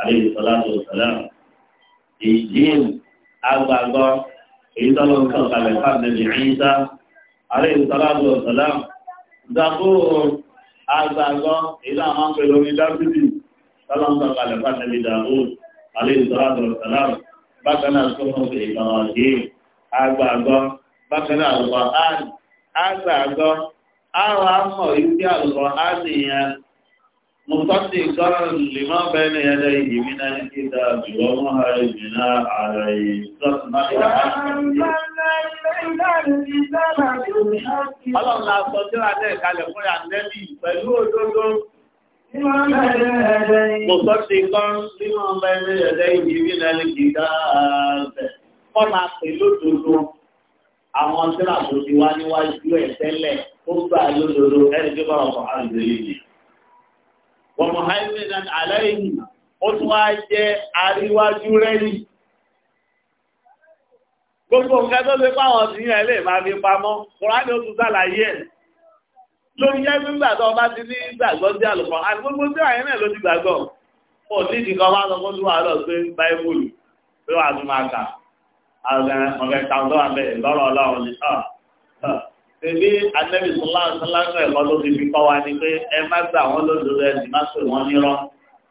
Speaker 1: àlejòsọ̀láṣọ sọ̀lá ìjìn agbàgbọ́ èyí tọ́lọ́ ọ̀sọ̀talẹ̀ fàtẹ̀lẹ̀ ìyíta àlejòsọ̀láṣọ sọ̀lá ìdàkúrò agbàgbọ́ èyí tó àwọn pẹ̀lú omi dábìlì tọ́lọ́ ọ̀sọ̀talẹ̀ fàtẹ̀lẹ̀ ìdàkú àlejòsọ̀láṣọ sọ̀lá bákan náà tó mọ̀ pé ìgbà àwọn amọ̀ ìdí àlọ́ àníyàn mùtọ́sí gọ́rọ̀ lèmọ́ bẹ́ẹ̀ni ẹ̀dẹ́ ìdìmí náà ní kíta àbìwọ́ mọ́ àìmì náà ààrẹ Mùsọ́sí kan nínú ọmọ ẹgbẹ́ ẹ̀dẹ́ ìdìmí náà ní kíta ààrẹ. Kọ́ máa pè àwọn tí àbòsí wá níwájú ẹ̀ lódodo ẹni tó bá wọn kọ àlùdó yìí. wọ́n mọ̀ hàìmí náà alẹ́ yìí ó tún wá jẹ́ àríwájú rẹ́yìn. gbogbo nǹkan tó lè fáwọn sí yẹn lè máa fi pamọ́ kùránì ó tún sàlàyé ẹ̀. lórí yẹn nígbà tó bá ti ní gbàgbọ́ sí àlùkọ́ àti gbogbo sí àyẹ̀ náà ló ti gbàgbọ́. ó ní ìdíkan wá lọ fún tí wàá lọ gbé báíbùlù pé wàá tún máa kà. àwọn ọ̀gá ìtàn tó wà bẹ́ẹ̀ lọ́rọ̀ ọlọ́run ni ah, tẹ̀lé anẹ́bí sọláńsọ sọláńsọ ẹ̀kọ́ ló fi fi kọ́ wa ni pé ẹ má gbà wọ́n lódò rẹ̀ sì má pè wọ́n nírọ́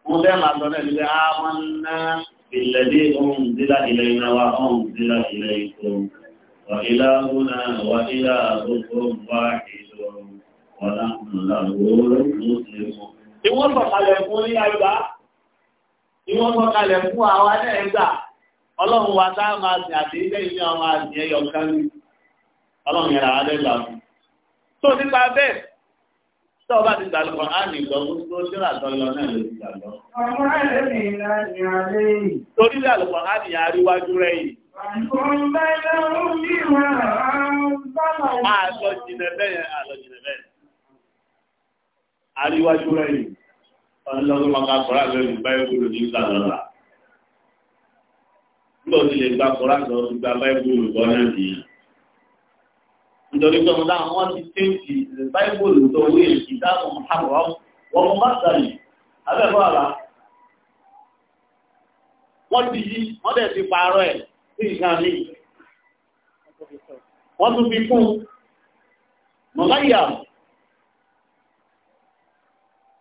Speaker 1: wọn bẹ́ẹ̀ máa sọ náà ní pé a máa ń ná ìlẹ́dí ohun ìdílà ilẹ̀ iná wa ohun ìdílà ilẹ̀ ikọ̀ wà ilá ọ̀nà wà ilá àgbókò wà ìlú ọ̀nà ìlàwọ̀ ìwọ́n sọ̀kalẹ̀ fún ní àgbà ìwọ́n sọ̀kalẹ̀ fún àwa náà ẹ̀gbà ọlọ́run wa tá a máa sìn àti ilé ìní ọmọ àti ẹyọ kan ọlọ́run yẹn làwọn adẹ́gbà mi. tó nípa bẹ́ẹ̀ tó o bá ti gbà lọ́kọ̀ á ní ìgbọ́ tó ṣíra tó lọ náà ló ti gbà lọ. ọmọ ẹ̀rẹ́ mi là ní alẹ́ yìí. torí làlùkọ̀ á ní àríwájú rẹ̀ yìí.
Speaker 2: Àlọ́ jìnà bẹ́ẹ̀ àlọ́ jìnà bẹ́ẹ̀.
Speaker 1: Àríwájú rẹ̀ yìí. Ọlọ́run máa ka kọ́ra lórí báyìí ní ìlànà. Nígbà tí lè gba kọ́ra lọ, gba báyìí lọ́nà nítorí pé wọn dáhùn wọn ti tẹ́ǹtì báíbòlù tó wí ìdáhùn àbúrò wọn mú bá sàlẹ̀ abẹ́fọ́ àlá wọ́n ti yí wọ́n dẹ̀ ti pààrọ̀ ẹ̀ sí ìkan mi wọ́n tún fi kún mọ̀láyà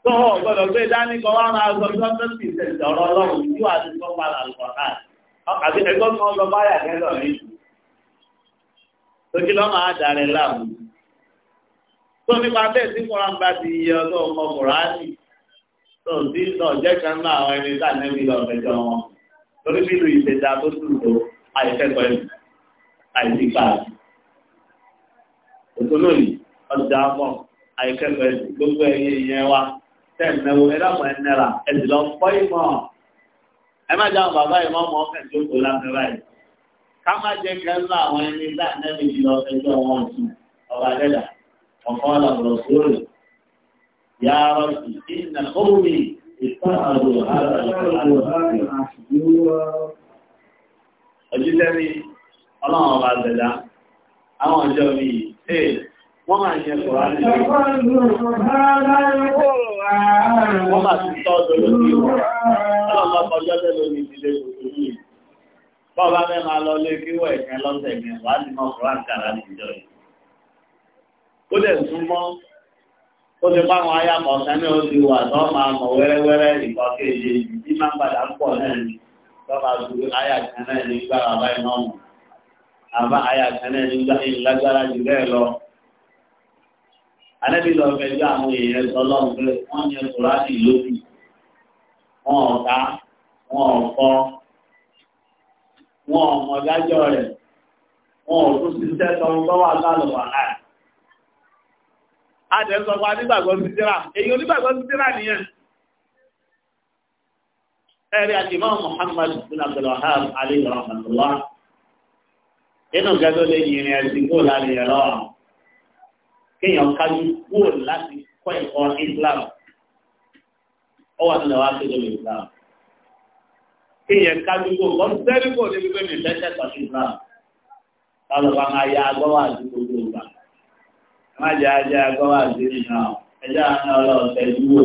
Speaker 1: tó hàn pé dání kan máa sọ bí wọ́n tó ti tẹ̀sí ọ̀rọ̀ ọlọ́run tí wàá ti sọ tókí lọ́ máa dàrẹ̀ láàmú. tó nípa bẹ́ẹ̀ tí kọ́ra ń bá ti yẹ ọjọ́ ọmọ kùránì tó ti sọ jẹ́ kan náà àwọn ẹni tá nẹ́bí lọ fẹjọ́ wọn torí nílùú ìṣẹ̀dá tó tù tó àìkẹ́kọ̀ọ́ ẹ̀mí àìsíkà òtúnú yìí ọjà mọ̀ àìkẹ́kọ̀ọ́ ẹ̀mí gbogbo ẹ̀yẹ ìyẹn wa tẹ̀mẹ̀wò ẹ̀dàpọ̀ ẹ̀nẹ́ra ẹ̀sìn lọ fọ́ ìmọ̀ ẹ má jáwọn bàbá ìmọ̀ ọmọ ọ̀fẹ́ ká má jẹ́ kẹ́lá àwọn ẹni dá nẹ́bí lọ ẹjọ́ wọn sùn ọba dẹ́dà ọ̀kan làbọ̀rọ̀ sórí yà á rọ̀sì ìnà òwì ìfọ̀ àrò àrò ojúṣe mi ọlọ́run ọba dẹ̀dá àwọn ọjọ́ mi ee wọ́n máa yẹ kọ̀ láti wọ́n máa ti tọ́ ọjọ́ lórí wọn ọlọ́run ọba ọjọ́ tẹ́lẹ̀ omi ìdílé òṣèlú yìí bọ́ọ̀bá fẹ́ máa lọ lé kí wọ́n ẹ̀sìn lọ́sẹ̀ mi wà á ti mọ Quran kàrà níjọ yìí. ó dẹ̀ tún mọ́ ó ti pàwọn ayàpọ̀ sẹ́ni ó ti wà tó máa mọ̀ wẹ́rẹ́wẹ́rẹ́ ìkọ́ kéje yìí tí máa ń padà ń pọ̀ náà ni tó máa dúró ayà kan náà ní gbà bàbá iná mọ̀ àbá ayà náà ní gbà ìlágbára jù bẹ́ẹ̀ lọ. alẹ́bí lọ fẹjọ́ àwọn èèyàn sọ lọ́hùn pé wọ́n yẹ wọn ọmọ dájọ́ rẹ̀ wọn ò tún sí sẹ́tọ̀ tó wà lálọ́wà láì. a sí èyí sí nìyẹn Muhammad bin inú lè yìnrìn kó kéèyàn kájú kúrò láti kọ Islam Islam kéèyàn ká gbogbo wọn sẹ́rí kò ní gbogbo mi lẹ́sẹ̀ pàṣẹ ìgbà táwọn bá máa ya agbọ́wọ́ àti gbogbo ìgbà má jẹ́ ajá agbọ́wọ́ àti ìgbà ẹjọ́ àná ọlọ́ọ̀tẹ̀ dúró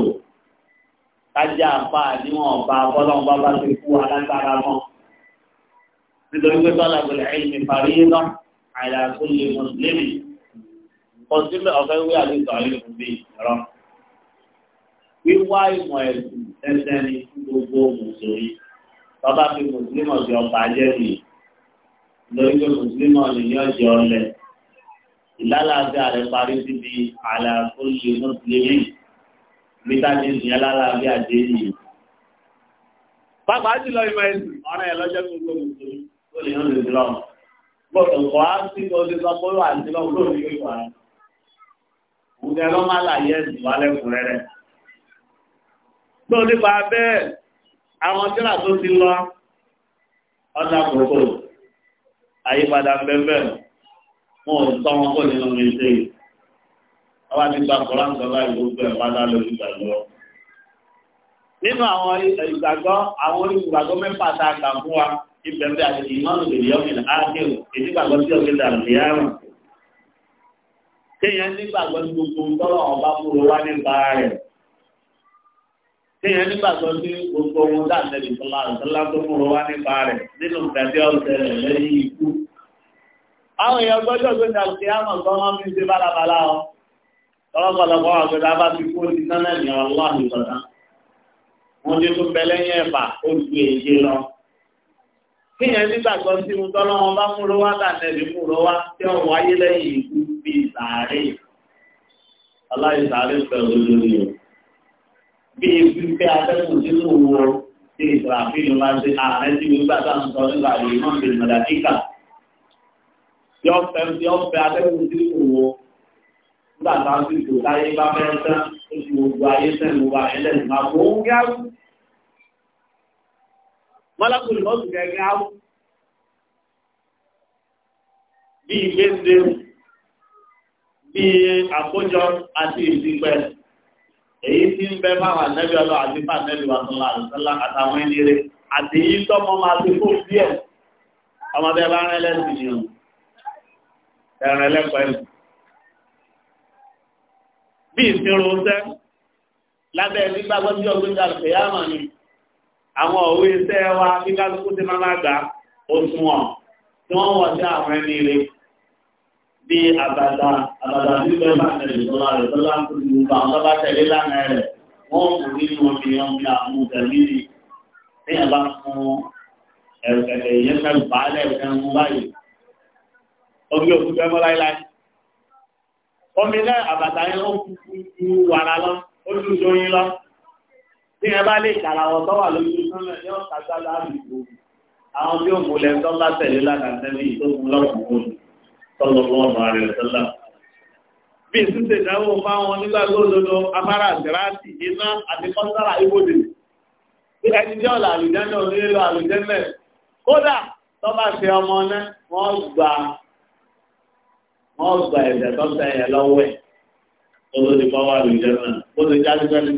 Speaker 1: kájà apá níwọ̀n ọba bọ́lọ́n bá bá ti kú alágbára mọ́ nítorí pé tọ́lá gbọ̀lẹ̀ ẹ̀yìn mi parí lọ àyàkó lè mùsùlùmí kò síbẹ̀ ọ̀fẹ́ wí àdìsọ̀ yìí fún mi rọ wíwá ìmọ̀ ẹ̀sìn tẹ́tẹ́ ni gbogbo mùsùlùmí bàbá fi mùsùlùmọ̀ sí ọba ajẹ́bì lórí pé mùsùlùmọ̀ nìyẹn ọjọ́ ọlẹ̀ ìlàlàáfíà rẹ̀ parí síbi àlàfo lè mùsùlùmí bítájì nìyẹn lálàáfíà dé nìyẹn. pàápàá jùlọ ìmọ̀ ẹ̀sìn ọ̀rẹ́ ẹ̀ lọ́jọ́ gbogbo mùsùlùmí tó lè hàn lè lọ. gbọ́dọ̀ kọ́ á sí kó ṣe sọ pé wà á sí lọ́wọ́ lórí ìwé wa. òun ni ẹ lọ́ máa ẹ̀sìn wálẹ̀ fún rẹ̀ nípa bẹ́ẹ̀ àwọn tíra tó ti lọ ọ̀nà àkókò àyípadà bẹ́ẹ̀ wọn ò tọ́ wọn kó nínú ìṣe yìí ọba ti gba koran sọ báyìí gbogbo ẹ̀ padà lórí ìgbàgbọ́. nínú àwọn ìgbàgbọ́ àwọn ìgbàgbọ́ mẹ́fà tá a kà fún wa ìbẹ̀rẹ̀ àti ìmọ̀nù lè yọ mí láàkíw èyí gbàgbọ́ sí ọ̀gbìn dàrú ní àrùn. kéèyàn nígbàgbọ́ sí gbogbo tọ́lọ̀ ọba kúrò wá nípa rẹ̀ téèyàn nígbàgbọ́ sí gbogbo ohun tá à ń tẹ̀lé ìfọlá ìfọlá tó mú wa nípa rẹ̀ nínú ìgbàdí ọ̀sẹ̀ rẹ̀ lẹ́yìn ikú. àwọn èèyàn gbọ́dọ̀ tó ní àti àmọ̀ tó wọ́n fi ṣe bálabàlá ọ tọ́lọ́pọ̀lọpọ̀ àgbẹ̀dá bá ti kú ní sánà ní ọlọ́run ìtọ́ta. wọ́n ti tún bẹ lẹ́yìn ẹ̀fà ó ju èyí lọ. téèyàn nígbàgbọ́ sí ohun tọ́lọ́wọ́n bá múrò wá tà tẹ̀lé múrò wá tí ó wáyé lẹ́yìn ikú bíi sàárè. aláìsàárè pẹ̀lú lórí rẹ̀ bíi pípẹ́ atẹ́kùn sínú wo ti ìsàfihàn máa ṣe ààrẹ tí mo gbà tá à ń sọ nígbà yìí wọ́n fi mọ̀dà kíkà yọ fẹ́ yọ fẹ́ atẹ́kùn sínú wo nígbà tá a ti tò táyé bá fẹ́ tán ó ti gbogbo ayé sẹ́nu wa ẹlẹ́nu máa bọ̀ ó ń gáwó. mọ́lákùnrin mọ́tò kẹ́ gáwó bíi gbèsè bíi àkójọ àti ìdìpẹ́ èyí tí ń bẹ máa nẹ́bí ọlọ́ àti bá nẹ́bí wa tó láàrín sọ́lá àtàwọn ẹni rẹ̀ àti èyí tọ́mọ máa ti kó díẹ̀ ọmọdé bá rẹ̀ lẹ́sìn ni ọ̀hún ẹ̀rẹ̀ lẹ́pẹ́ ni. bí ìsinmi oúnjẹ lábẹ́ ẹni gbàgbọ́ tí ọgbẹ́ ìjà lọ́pẹ́ yá mọ̀ ni àwọn òwe iṣẹ́ wa bí kálukú ti máa gbà ó sún ọ̀ tí wọ́n wọ̀ sí àwọn ẹni rẹ̀ sí àgbàdà àgbàdà nígbà bá tẹ̀lé ìtọ́lá rẹ̀ tọ́lá ń tóbi gbogbo àwọn bá tẹ̀lé lánàá rẹ̀ wọ́n kò ní ní wọn fìyàn bí àwọn tẹ̀lé ní ní fún ẹ̀rù kẹ̀kẹ́ ìyẹn fẹ́ bàálẹ̀ mú báyìí. ọgbẹ́ òkú fẹ́ mọ́ láíláí. omi náà àbàtà yẹn ó kúkú ju wàrà lọ ó dùn sóyin lọ. bí ẹ bá lè kàrà wọn tọ́wà lójú sọ́nà yóò kàgbá sallallahu alaihi wasallam. bí ìsúnṣe ìdáwó bá wọn nígbà lódodo afárá àjẹráàtì iná àti kọ́ńtàrà ibodè bí ẹni jẹ́ ọ̀là àlùjẹ́mẹ̀ onílò àlùjẹ́mẹ̀ kódà tó bá ṣe ọmọ náà wọ́n gba wọ́n gba ẹ̀jẹ̀ tó ń tẹ̀yẹ lọ́wọ́ ẹ̀ lọ́dọ̀ ti pàwọ́ àlùjẹ́mẹ̀ bó ti jáde jáde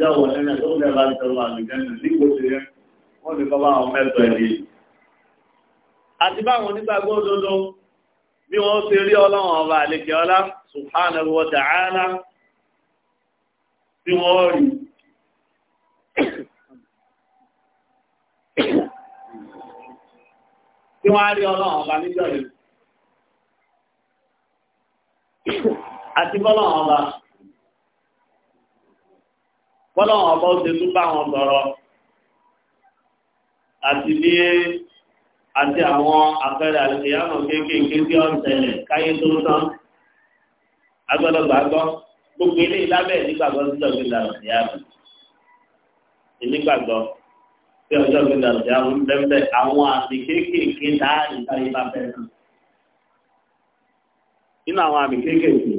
Speaker 1: jáwọ́ nínú bí wọ́n ṣe rí ọlọ́run ọba àlejò ọlá subhanahu wa ta'ala bí wọ́n rí. tí wọ́n rí ọlọ́run ọba níjọ́ rẹ̀. àti bọ́lọ́run ọba bọ́lọ́run ọba ó ṣe tún bá wọn sọ̀rọ̀ àti bí àti àwọn àpẹẹrẹ àlùkìyàmọ̀ kéékèèké tí ó ń tẹ̀lẹ̀ káyé tó tán agbọ́dọ̀ gbàgbọ́ gbogbo ilé ìlábẹ́ nígbàgbọ́ sí ọ̀gbìn làlùkìyàmọ̀ ìnígbàgbọ́ sí ọjọ́ ọ̀gbìn làlùkìyàmọ̀ bẹ́ẹ̀ àwọn àmì kéékèèké dáàrí káyé bá fẹ́ náà nínú àwọn àmì kéékèèké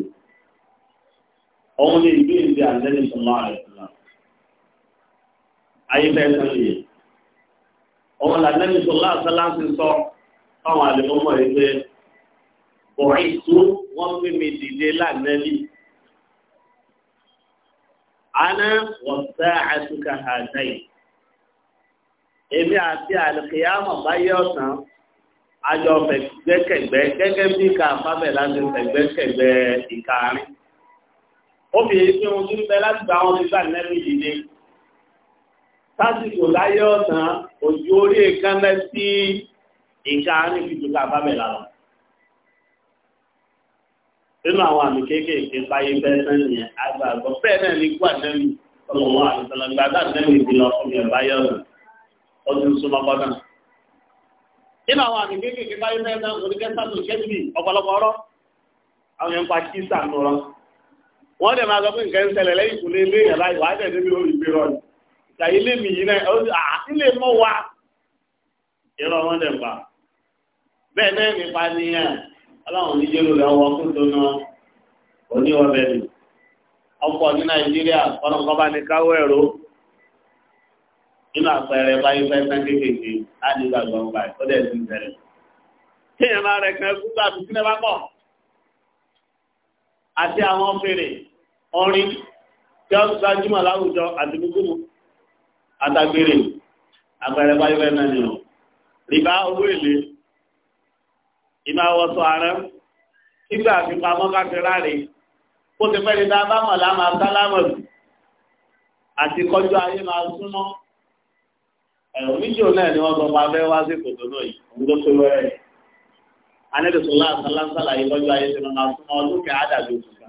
Speaker 1: òun ni ìgbé ìgbé àtẹ́lẹ̀ sọ̀rọ̀ àrẹ̀ sọ̀rọ̀ ayé fẹ́ sọ̀rọ̀ yìí ọmọ làdẹ́ni sọlá àṣálá ti sọ fáwọn àlẹ́mọ́mọ́ yìí pé bọ̀rí tó wọ́n fi mi dìde lánàlì. Ana wọ́n sẹ́ àtúkà àdáyé. Èmi àti àlùkìyàmọ̀ bá yẹ ọ̀sán. Àjọ fẹ̀gbẹ́kẹ̀gbẹ́ gẹ́gẹ́ bí ìka àfábẹ̀ láti fẹ̀gbẹ́kẹ̀gbẹ́ ìkaarin. Ó fi èyí pé ohun tí ń bẹ láti gba àwọn ìgbà nẹ́rù yìí ni sásìkò láyé ọ̀sán òjò orí èkánná sí ìka níbi tó ká bámẹ́lá lọ. nínú àwọn àmì kéékèèké báyé bẹ́ẹ̀ náà nìyẹn agbàgbọ́ bẹ́ẹ̀ náà ní gbà náà ní ọlọ́wọ́ àtìsọ́lọ́gbà náà náà ní ìdílé ọkùnrin ẹ̀ báyé ọ̀sán ọdún súnmọ́ bọ́dà. nínú àwọn àmì kéékèèké báyé bẹ́ẹ̀ náà oníkẹ́ sátò kẹ́sì ọ̀pọ̀lọpọ̀ ọ̀rọ̀ àwọn yẹn kí sàánú rọ. wọ́n dẹ̀ máa sọ nǹkan ń ṣẹlẹ̀ lẹ́yìn ìkúlé ilé ìyàrá ìwádìí gàyí lèmi yìí náà ó àti lè mọ wa irọ́ wọn dẹ̀ pa bẹ́ẹ̀ náà nípa nìyẹn ọlọ́run ní jẹ́rù rẹ̀ wọ kó tó ná òní ọbẹ̀ ni ọkọ̀ ní nàìjíríà kọ́nàkọ́bá ní káwọ́ ẹ̀rọ nínú àpẹẹrẹ báyìí fẹ́ sán kéékèèké láti gbàgbọ́ ọgbà ẹ̀ tó dẹ̀ ti ń tẹ̀lé kéèyàn máa rẹ̀ kan kú gbà tuntun ẹ̀ bá pọ̀ àti àwọn fèrè orin tí wọ́n gbajúmọ̀ láwùjọ àti gbogbo atagbèrè agbẹ̀rẹ̀ báyìí bẹ́ẹ̀ náà nìyàn rìbá owó èlé ìmá wọ́sọ ààrẹ nígbà àfipamọ́ káfí ráre ó ti fẹ́ni tá a bá mọ̀ láàmà sálámọ̀ àti kọjú ayé máa súnmọ́ ẹ̀rọ fídíò náà ni wọ́n sọ pa abẹ́ wá sí kòtò náà yìí òun ló pé wẹ́rẹ́ anẹ́dẹ̀sọ́lá àtàlásàlà yìí kọjú ayé ti máa súnmọ́ lókè àdàbí òṣùṣà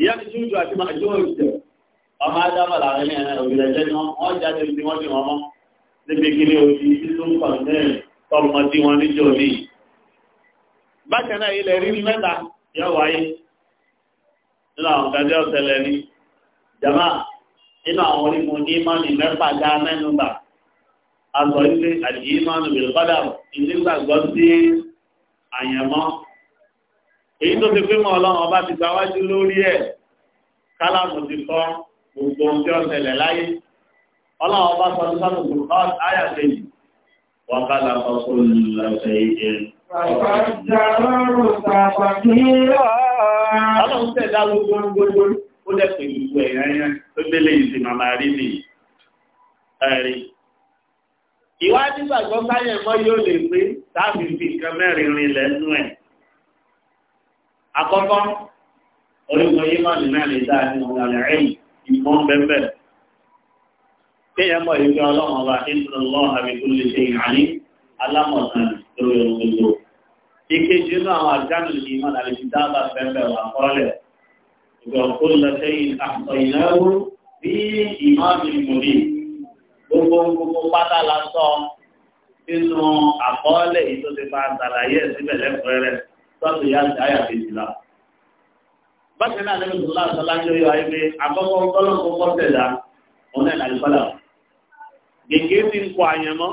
Speaker 1: ìyá mi jújù àti máa jó ìjẹ ọmọ adámọ̀ làwọn ẹni ẹ̀rọ ìrẹ̀ jẹ́ ni wọ́n jáde ibi wọ́n ní wọn mọ́ níbi kílé orí tó ń pàdé mẹ́rin tọmọ tí wọ́n ní jò ní. bákan náà ilẹ̀ rí mẹ́ta yọ wáyé nínú àwọn kẹjọ ọ̀sẹ̀lẹ̀ ní jama nínú àwọn orígun ní mọ́nì mẹ́fà dá mẹ́nu bà azọ ilé àdìyí mọ́nì bìrìkọ́dà ìdígbàgbọ́ sí àyẹ̀mọ́ èyí tó ti pé mọ́ ọlọ́run ọba ti gbáwájú lórí ẹ̀ kálámù ti kọ́ gbogbo ohun tí ó ṣẹlẹ̀ láyé ọlọ́run ọba sọ ní sábà gbogbo ọ́ áyà kejì wọ́n ká la kọ́ kó lọ́sẹ̀ yìí.
Speaker 2: ọlọ́run tẹ̀dá gbogbo gbogbo ó dẹ̀
Speaker 1: gbogbo ẹ̀yà yẹn tó gbélé yìí màmá rí mi ẹ̀rí.
Speaker 2: ìwádìí gbàgbọ́
Speaker 1: sáyẹn mọ́ yóò lè pé táàbì fi nǹkan mẹ́rin rinlẹ̀ nú ẹ̀ àkọ́kọ́ orígun yìí máa nìyà lè dáa ní ọ̀gá lẹ́yìn ìmọ̀ bẹ́ẹ̀ kéèyàn mọ̀ ìgbé ọlọ́run ọba nínú lọ́wọ́ àbíkú lè ṣe ìhàní alámọ̀sán lórí ohun gbogbo. ìkejì náà àwọn àjánù ní ìmọ̀ àlè ti dáàbà bẹ́ẹ̀ wà kọ́lẹ̀. ìgbọ̀nkó lọ sẹ́yìn àpọ̀ ìnáwó bí ìmọ̀ àbíkúrí gbogbo gbogbo pátá la sọ́ọ̀tù yá sí àyà kejìlá. bákan náà lẹ́nu tó láti sọ́lá ń yọ ayé pé àkọ́kọ́ tọ́lọ́ kọ́kọ́ tẹ̀dá òun náà láti fọ́lá. gègé ti ń kọ àyẹ̀mọ́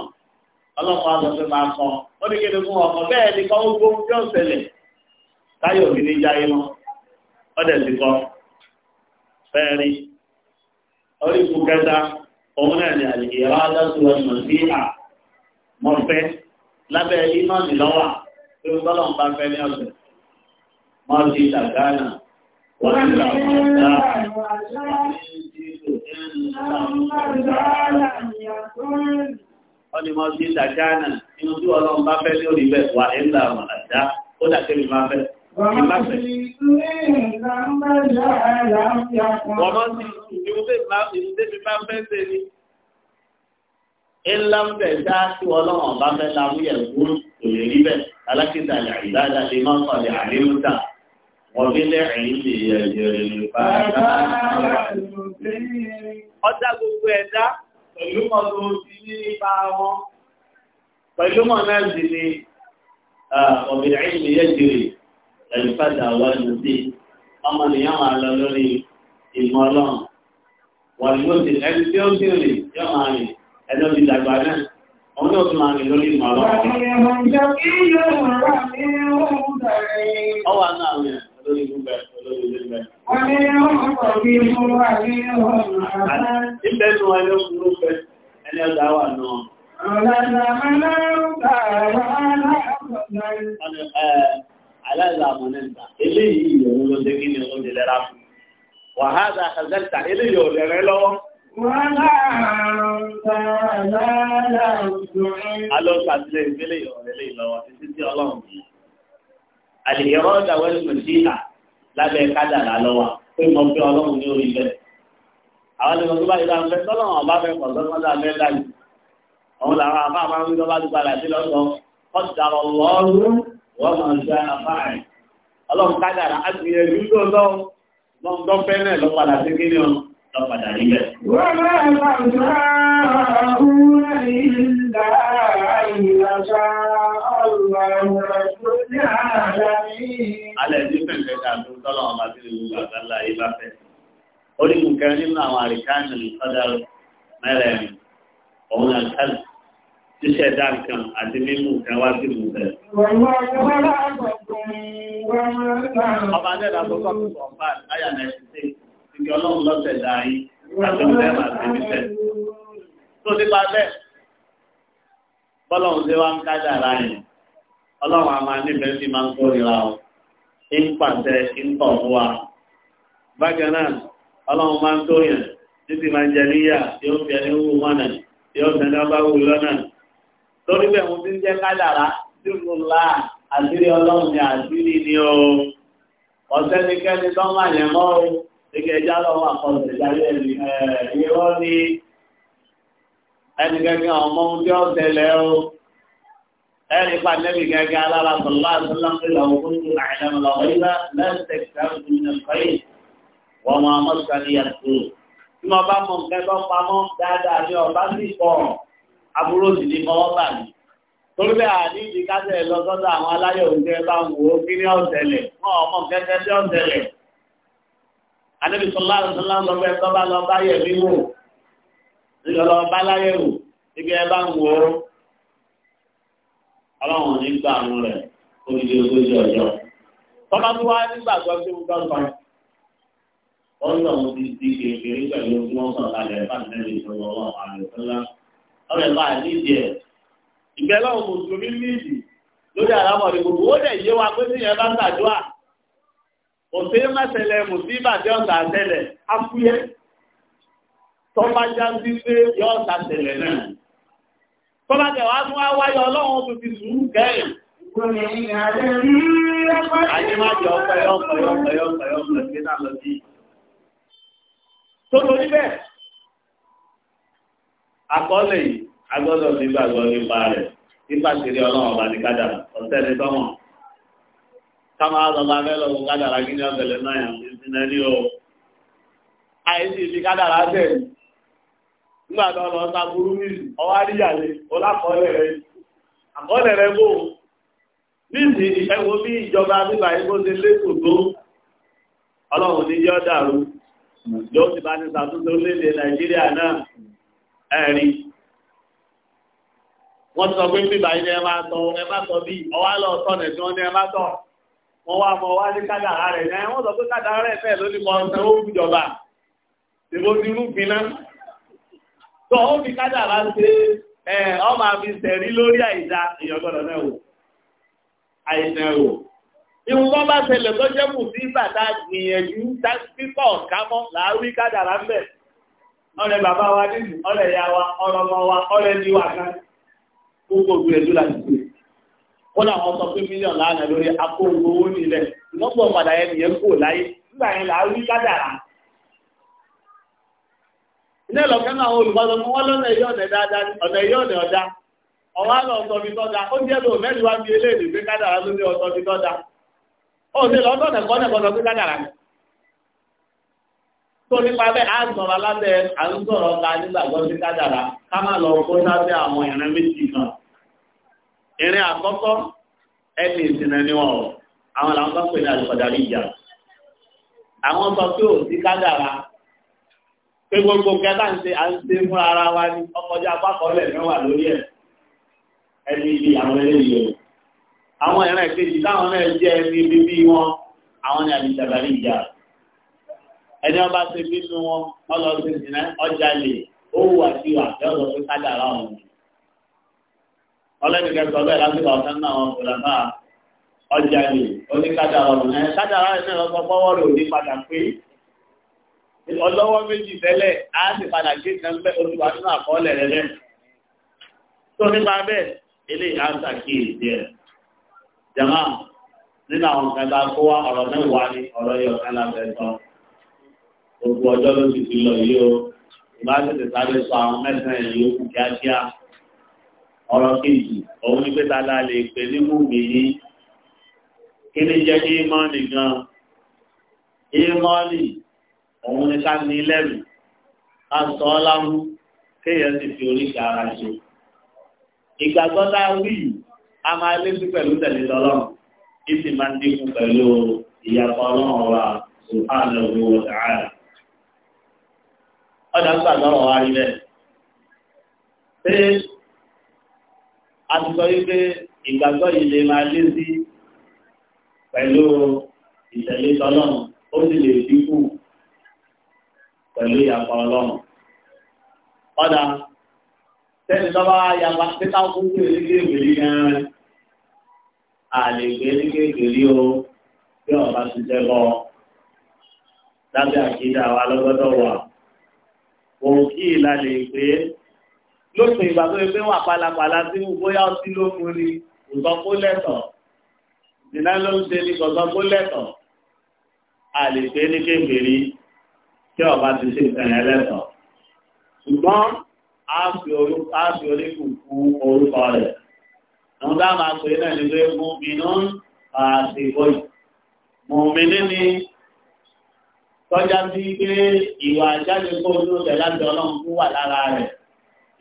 Speaker 1: ọlọ́pàá lọ sí máa kọ́ ó ní kéde fún ọkọ̀ bẹ́ẹ̀ ni kọ́ ó gbóhùn tí ó ṣẹlẹ̀ táyọ̀ mi ní jáyé mọ́ ọdẹ ti kọ́ fẹ́ẹ́rí orí fún kẹta òun náà ni àlè ìyàwó adásùwọ̀n mọ̀ sí à mọ̀ lábẹ́ ìmọ̀ nìlọ́wà irú tọ́lọ̀ ń ní ọ̀sẹ̀ wọ́n ti ṣàgánà wọ́n ti ni wọ́n ti ṣàgánà inú tí ọlọ́run bá fẹ́ ní orí bẹ́ẹ̀ wà ẹ̀ ń là wọ́n àdá ó dàkẹ́mi máa fẹ́ Wọ́n sì
Speaker 2: ìdíbi máa ń fẹ́ ṣe ni.
Speaker 1: Ìlànà ẹ̀dá tí ọlọ́run bá fẹ́ lámúyẹ̀ gbúrú kò lè rí bẹ́ẹ̀ alákìtà ìbádà lè máa sọ̀lẹ̀ àlémúta wọ́n bí lẹ́rìn lè yẹ̀yẹ̀rẹ̀ lè bá dá.
Speaker 2: ọjà gbogbo ẹ̀dá pẹ̀lú mọ̀ tó ti ní ipa wọn
Speaker 1: pẹ̀lú mọ̀ náà sì ni ọ̀bìnrin lè yẹ̀yẹ̀rẹ̀ lè ọmọ nìyàn máa lórí ìmọ̀ ọlọ́run wọ́n ti ẹni tí ó ń bèrè yọ̀ máa rìn ẹni ti dàgbà náà. Ọmọ náà tún máa rìn lórí ìmọ̀ ọlọ́run. Ọwà náà rìn lórí gbígbẹ̀ lórí gbígbẹ̀. Wọ́n ní ọmọ kọ̀ bí mú wà ní ọmọ àbá. Ìbẹ̀ nù ẹni ọkùnrin fẹ́, ẹni ọjà wà náà. Aláìlá àmọ̀nẹ́ta, eléyìí ìyẹ̀wò ló dé kí ni ó jẹ lẹ́ra fún. Wàhálà àzẹ́ta, eléyìí ò lẹ́rẹ́ lọ́wọ́.
Speaker 2: Alọ́sàtìlẹ̀
Speaker 1: ìfẹ́lẹ̀ ìrọ̀lẹ́lẹ̀ ìlọ́wọ́ títí tí lábẹ́ kádàrà lọ́wọ́ pé mọ̀ pé ọlọ́run ní orí bẹ́ẹ̀. Àwọn ni wọ́n tó bá ìlú afẹ́ tọ́lọ́run ọba fẹ́ pọ̀ sọ́kọ́dà Àwọn làwọn ń sí lọ́padà rí bẹ̀.
Speaker 2: Wọ́n máa ń bá ọ̀rọ̀ ìlà ìlàṣà ọlọ́run ní àdáyé.
Speaker 1: Alẹ́ ní pẹ̀lẹ̀ dàbí tọ́lọ̀ ọmọ sí ìlú àgbàlá ìbá fẹ́. Ó ní mú kẹrin nínú àwọn àríkánì ìfọ́dáró mẹ́rẹ̀ẹ̀rin, òun àkàlù, ṣíṣẹ̀ dá nǹkan àti mímú nǹkan wá sí ìlú bẹ̀rẹ̀. Ọba Adẹ́dàgbọ́gbọ́ ìgbà ọlọ́run lọ́sẹ̀ dáyé àtúntò ẹ̀ máa tẹ̀lé tẹ̀. tó nípa bẹ́ẹ̀ bọ́lọ́run ṣe wá ń kájà láàyè ọlọ́run àmà níbẹ̀ sí máa ń kórìíra o ń pàṣẹ ń tọ̀ fún wa. bákan náà ọlọ́run máa ń tó yàn títí máa jẹ níyà yóò fi ẹni wù mọ́nà yóò fi ẹni ọba wù lọ́nà. torí bẹ́ẹ̀ mo ń jẹ́ kájàrá tí mo la àṣírí ọlọ́run ni àṣírí ni o Ike ẹja lọ́wọ́ àkọsẹ̀ jáde ẹ̀rí ìrọ́ ni ẹni gẹ́gẹ́ ọmọ ohun tí o. Ẹni pa gẹ́gẹ́ alára sọ̀lá àtúnlá pé lọ́wọ́ fún ìlú àìlẹ́m lọ́wọ́ ilá lẹ́sẹ̀ kẹ́rù ní ẹ̀kọ́yì wọ́n máa mọ́ sáré yàtọ̀. Tí mo bá mọ nǹkan tó pamọ́ dáadáa ní ọba sí ìkọ̀ àbúrò sì ni mọ́ bà mí. Torí bẹ́ẹ̀ àní ìdíkásẹ̀ lọ sọ́dọ̀ àwọn aláyọ̀ òun anabi sọlá sọlá ń lọ bẹ tọ́ba lọ bá yẹ mí wò nígbà lọ bá láyé wò ibi ẹ bá ń wò ó ọlọ́run nígbà àánú rẹ̀ olùdí ogójì ọjọ́ tọ́ba tó wá nígbàgbọ́ tí mo gbọ́ sọ wọ́n lọ ti di kékeré pẹ̀lú tí wọ́n sọ kalẹ̀ fáńtẹ́lì ìṣòro ọlọ́run àlè sọlá ọ̀rẹ́ bá a nídìí ẹ̀ ìgbẹ́ lọ́wọ́ mùsùlùmí nídìí lórí àlámọ̀rí gbogbo ó dẹ̀ yé wa pé òsè mẹ́sẹ̀lẹ̀ mùsíbà tí ọ̀sà àtẹ́lẹ̀ afúyẹ́ tọ́bá já sí pé yọ ọ̀sà àtẹ́lẹ̀ náà tọ́bá tẹ̀ wá tún wáyọ
Speaker 2: ọlọ́run tó ti sùúrù kẹ́yìn
Speaker 1: ayé má jẹ ọpẹ́ ọpẹ́ ọpẹ́ ọpẹ́ ọpẹ́ kí náà lọ sí
Speaker 2: tó lórí bẹ́ẹ̀
Speaker 1: àkọọ́lẹ̀ yìí agbọ́dọ̀ nígbàgbọ́ nípa rẹ̀ nípa ìṣẹ̀lẹ̀ ọlọ́run ọba ní kádà ọ̀sẹ̀ ní tọ́wọ̀n káma lọ́la fẹ́ lọ́wọ́ kádàrá kí ní ọ̀bẹ̀lẹ̀ náà yàn fi sinẹ́ ní o. àìsí ìfi kádàrá tẹ̀ nígbà tó lọ sa burú ní ọwọ́ àríyàlè ọlákọọ́lẹ̀ rẹ̀ àkọọ́lẹ̀ rẹ̀ bò níbi ẹ̀wọ̀n bí ìjọba bíbá yìí kó ṣe lẹ́kọ̀ọ́ tó ọlọ́run ní yọ́ dàrú yóò ti bá ní ṣàtúnṣe orílẹ̀-èdè nàìjíríà náà ẹ̀rí wọ́n sọ pé bíbá yìí ni ẹ máa tọ́ ẹ máa tọ́ bí ọwọ́ àlọ́ ọ̀tọ̀ nẹ̀ tí wọ́n ní ẹ máa tọ́ wọ́n wá mọ̀ wá ní kádàrá rẹ̀ ní wọ́n sọ pé kádàrá rẹ̀ fẹ́ lórí mọ ọ̀sán ó fi jọba ìbò ti rú náà tó ó fi kádàrá ṣe ẹ ọmọ àfi sẹ̀rí lórí àìdá ìyọ̀gbọ́dọ̀ náà wò àìdá wò bá ṣẹlẹ̀ tó jẹ́ sí bàtà gbìyànjú pípọ̀ bàbá wa nínú ọ̀rẹ́ ìyá wa ọ̀rọ̀ ọmọ wa ọ̀rẹ́ kódà wọn sọ pé mílíọ̀n lánàá lórí akóńgbò owó nílẹ̀ ìmọ̀pọ̀ padà yẹn nìyẹn kò láyé nígbà yẹn là á rí ládàá. ilé ìlọ́kẹ́ náà àwọn fún wọn lọ́nà ẹ̀yọ́ ọ̀nà ọ̀nà ẹ̀yọ́ ọ̀nà ọ̀dá ọ̀wá lọ ọ̀tọ̀ mi tọ́da ó jẹ́ lò mẹ́rin wá bí eléèdè pé ọ̀tọ̀ mi tọ́da ìrìn àkọ́kọ́ ẹni ìsinmi ni wọn o àwọn làwọn bá pè ní àlùfọ̀dàrí ìjà àwọn sọ pé ò sí kádàrà pé gbogbo kẹta ń ṣe à ń ṣe fún ara wa ní ọkọjá apákọọlẹ mẹ́wàá lórí ẹ ẹni ibi àwọn eléyìí o àwọn ìrìn kejì táwọn náà jẹ ẹni ibi bí wọn àwọn ni àlùfọ̀dàrí ìjà ẹni ọba ṣe bínú wọn ọlọsìn ìsìnà ọjà lè ó wù àti wà yọ̀ọ́ lọ sí ọ̀hún ọlẹ́ni kẹsọ̀ bẹ́ẹ̀ láti bá ọ̀sán náà wọn kòlà náà ọjà yìí oníkádà ọ̀rọ̀ ẹ̀ kádàrá ẹ̀ náà lọ́sọ fọ́wọ́ rẹ̀ òní padà pé ọlọ́wọ́ méjì tẹ́lẹ̀ á sì padà gé kan bẹ́ oṣù àtúnú àkọọ́lẹ̀ rẹ̀ lẹ́ tó nípa bẹ́ẹ̀ eléyìí á ń sàkíyèsí ẹ̀ jama nínú àwọn nǹkan tá a kó wá ọ̀rọ̀ mẹ́wàá ní ọ̀rọ̀ yìí ọ̀kan lábẹ́ sọ gbogbo ọjọ́ ló ti ti lọ yìí o ìbá tètè sọ àwọn mẹ́sàn-án yìí ó kù kíákíá ọ̀rọ̀ kejì òun ni pé tala lè pè ní múmi ní kí ni jẹ́ kí ìmọ̀ọ́nì gan ìmọ̀ọ́nì òun ni ká ní lẹ́rù ká sọ ọ́ láwú kéèyàn sì fi oríṣi ara ṣe ìgbàgbọ́ tá a wí máa lé sí pẹ̀lú tẹ̀lé tọ́lọ́run kí máa ń dínkù pẹ̀lú ìyàpọ̀ ọlọ́run wa subhanahu wa ta'ala ń gbàgbọ́ ọ̀rọ̀ wa rí bẹ́ẹ̀ a ti sọ wípé ìgbàgbọ́ yìí lè máa lé sí pẹ̀lú ìtẹ̀lé tọ́lọ́run ó sì lè dínkù pẹ̀lú ìyàpá ọlọ́run. ọ̀dà sẹ́ni tọ́ba yàgbá títà kún sí elégbèlé gan-an àlègbè elégbèlé o bí ọba ti jẹ́ bọ́ lábẹ́ àkídà wa lọ́gọ́dọ̀ wà. òun ìlànà ìpè lóṣù ìgbà tó yẹ pé wà pálapàla sí bóyá ọtí ló mú ni nǹkan kó lẹ́tọ̀ ìdíná ló ń ṣe ní nǹkan kó lẹ́tọ̀ a lè pé ní kékeré tí ọba ti ṣe ìṣẹ̀lẹ̀ lẹ́tọ̀ ṣùgbọ́n a fi oríkù kú orúkọ rẹ̀ àwọn tá a máa pè náà ní pé mú iná àti ìbòyì mọ̀mìnì ni tọ́já sí pé ìwà àjáde kó ojú ọ̀tẹ̀ láti ọlọ́run fún wà lára rẹ̀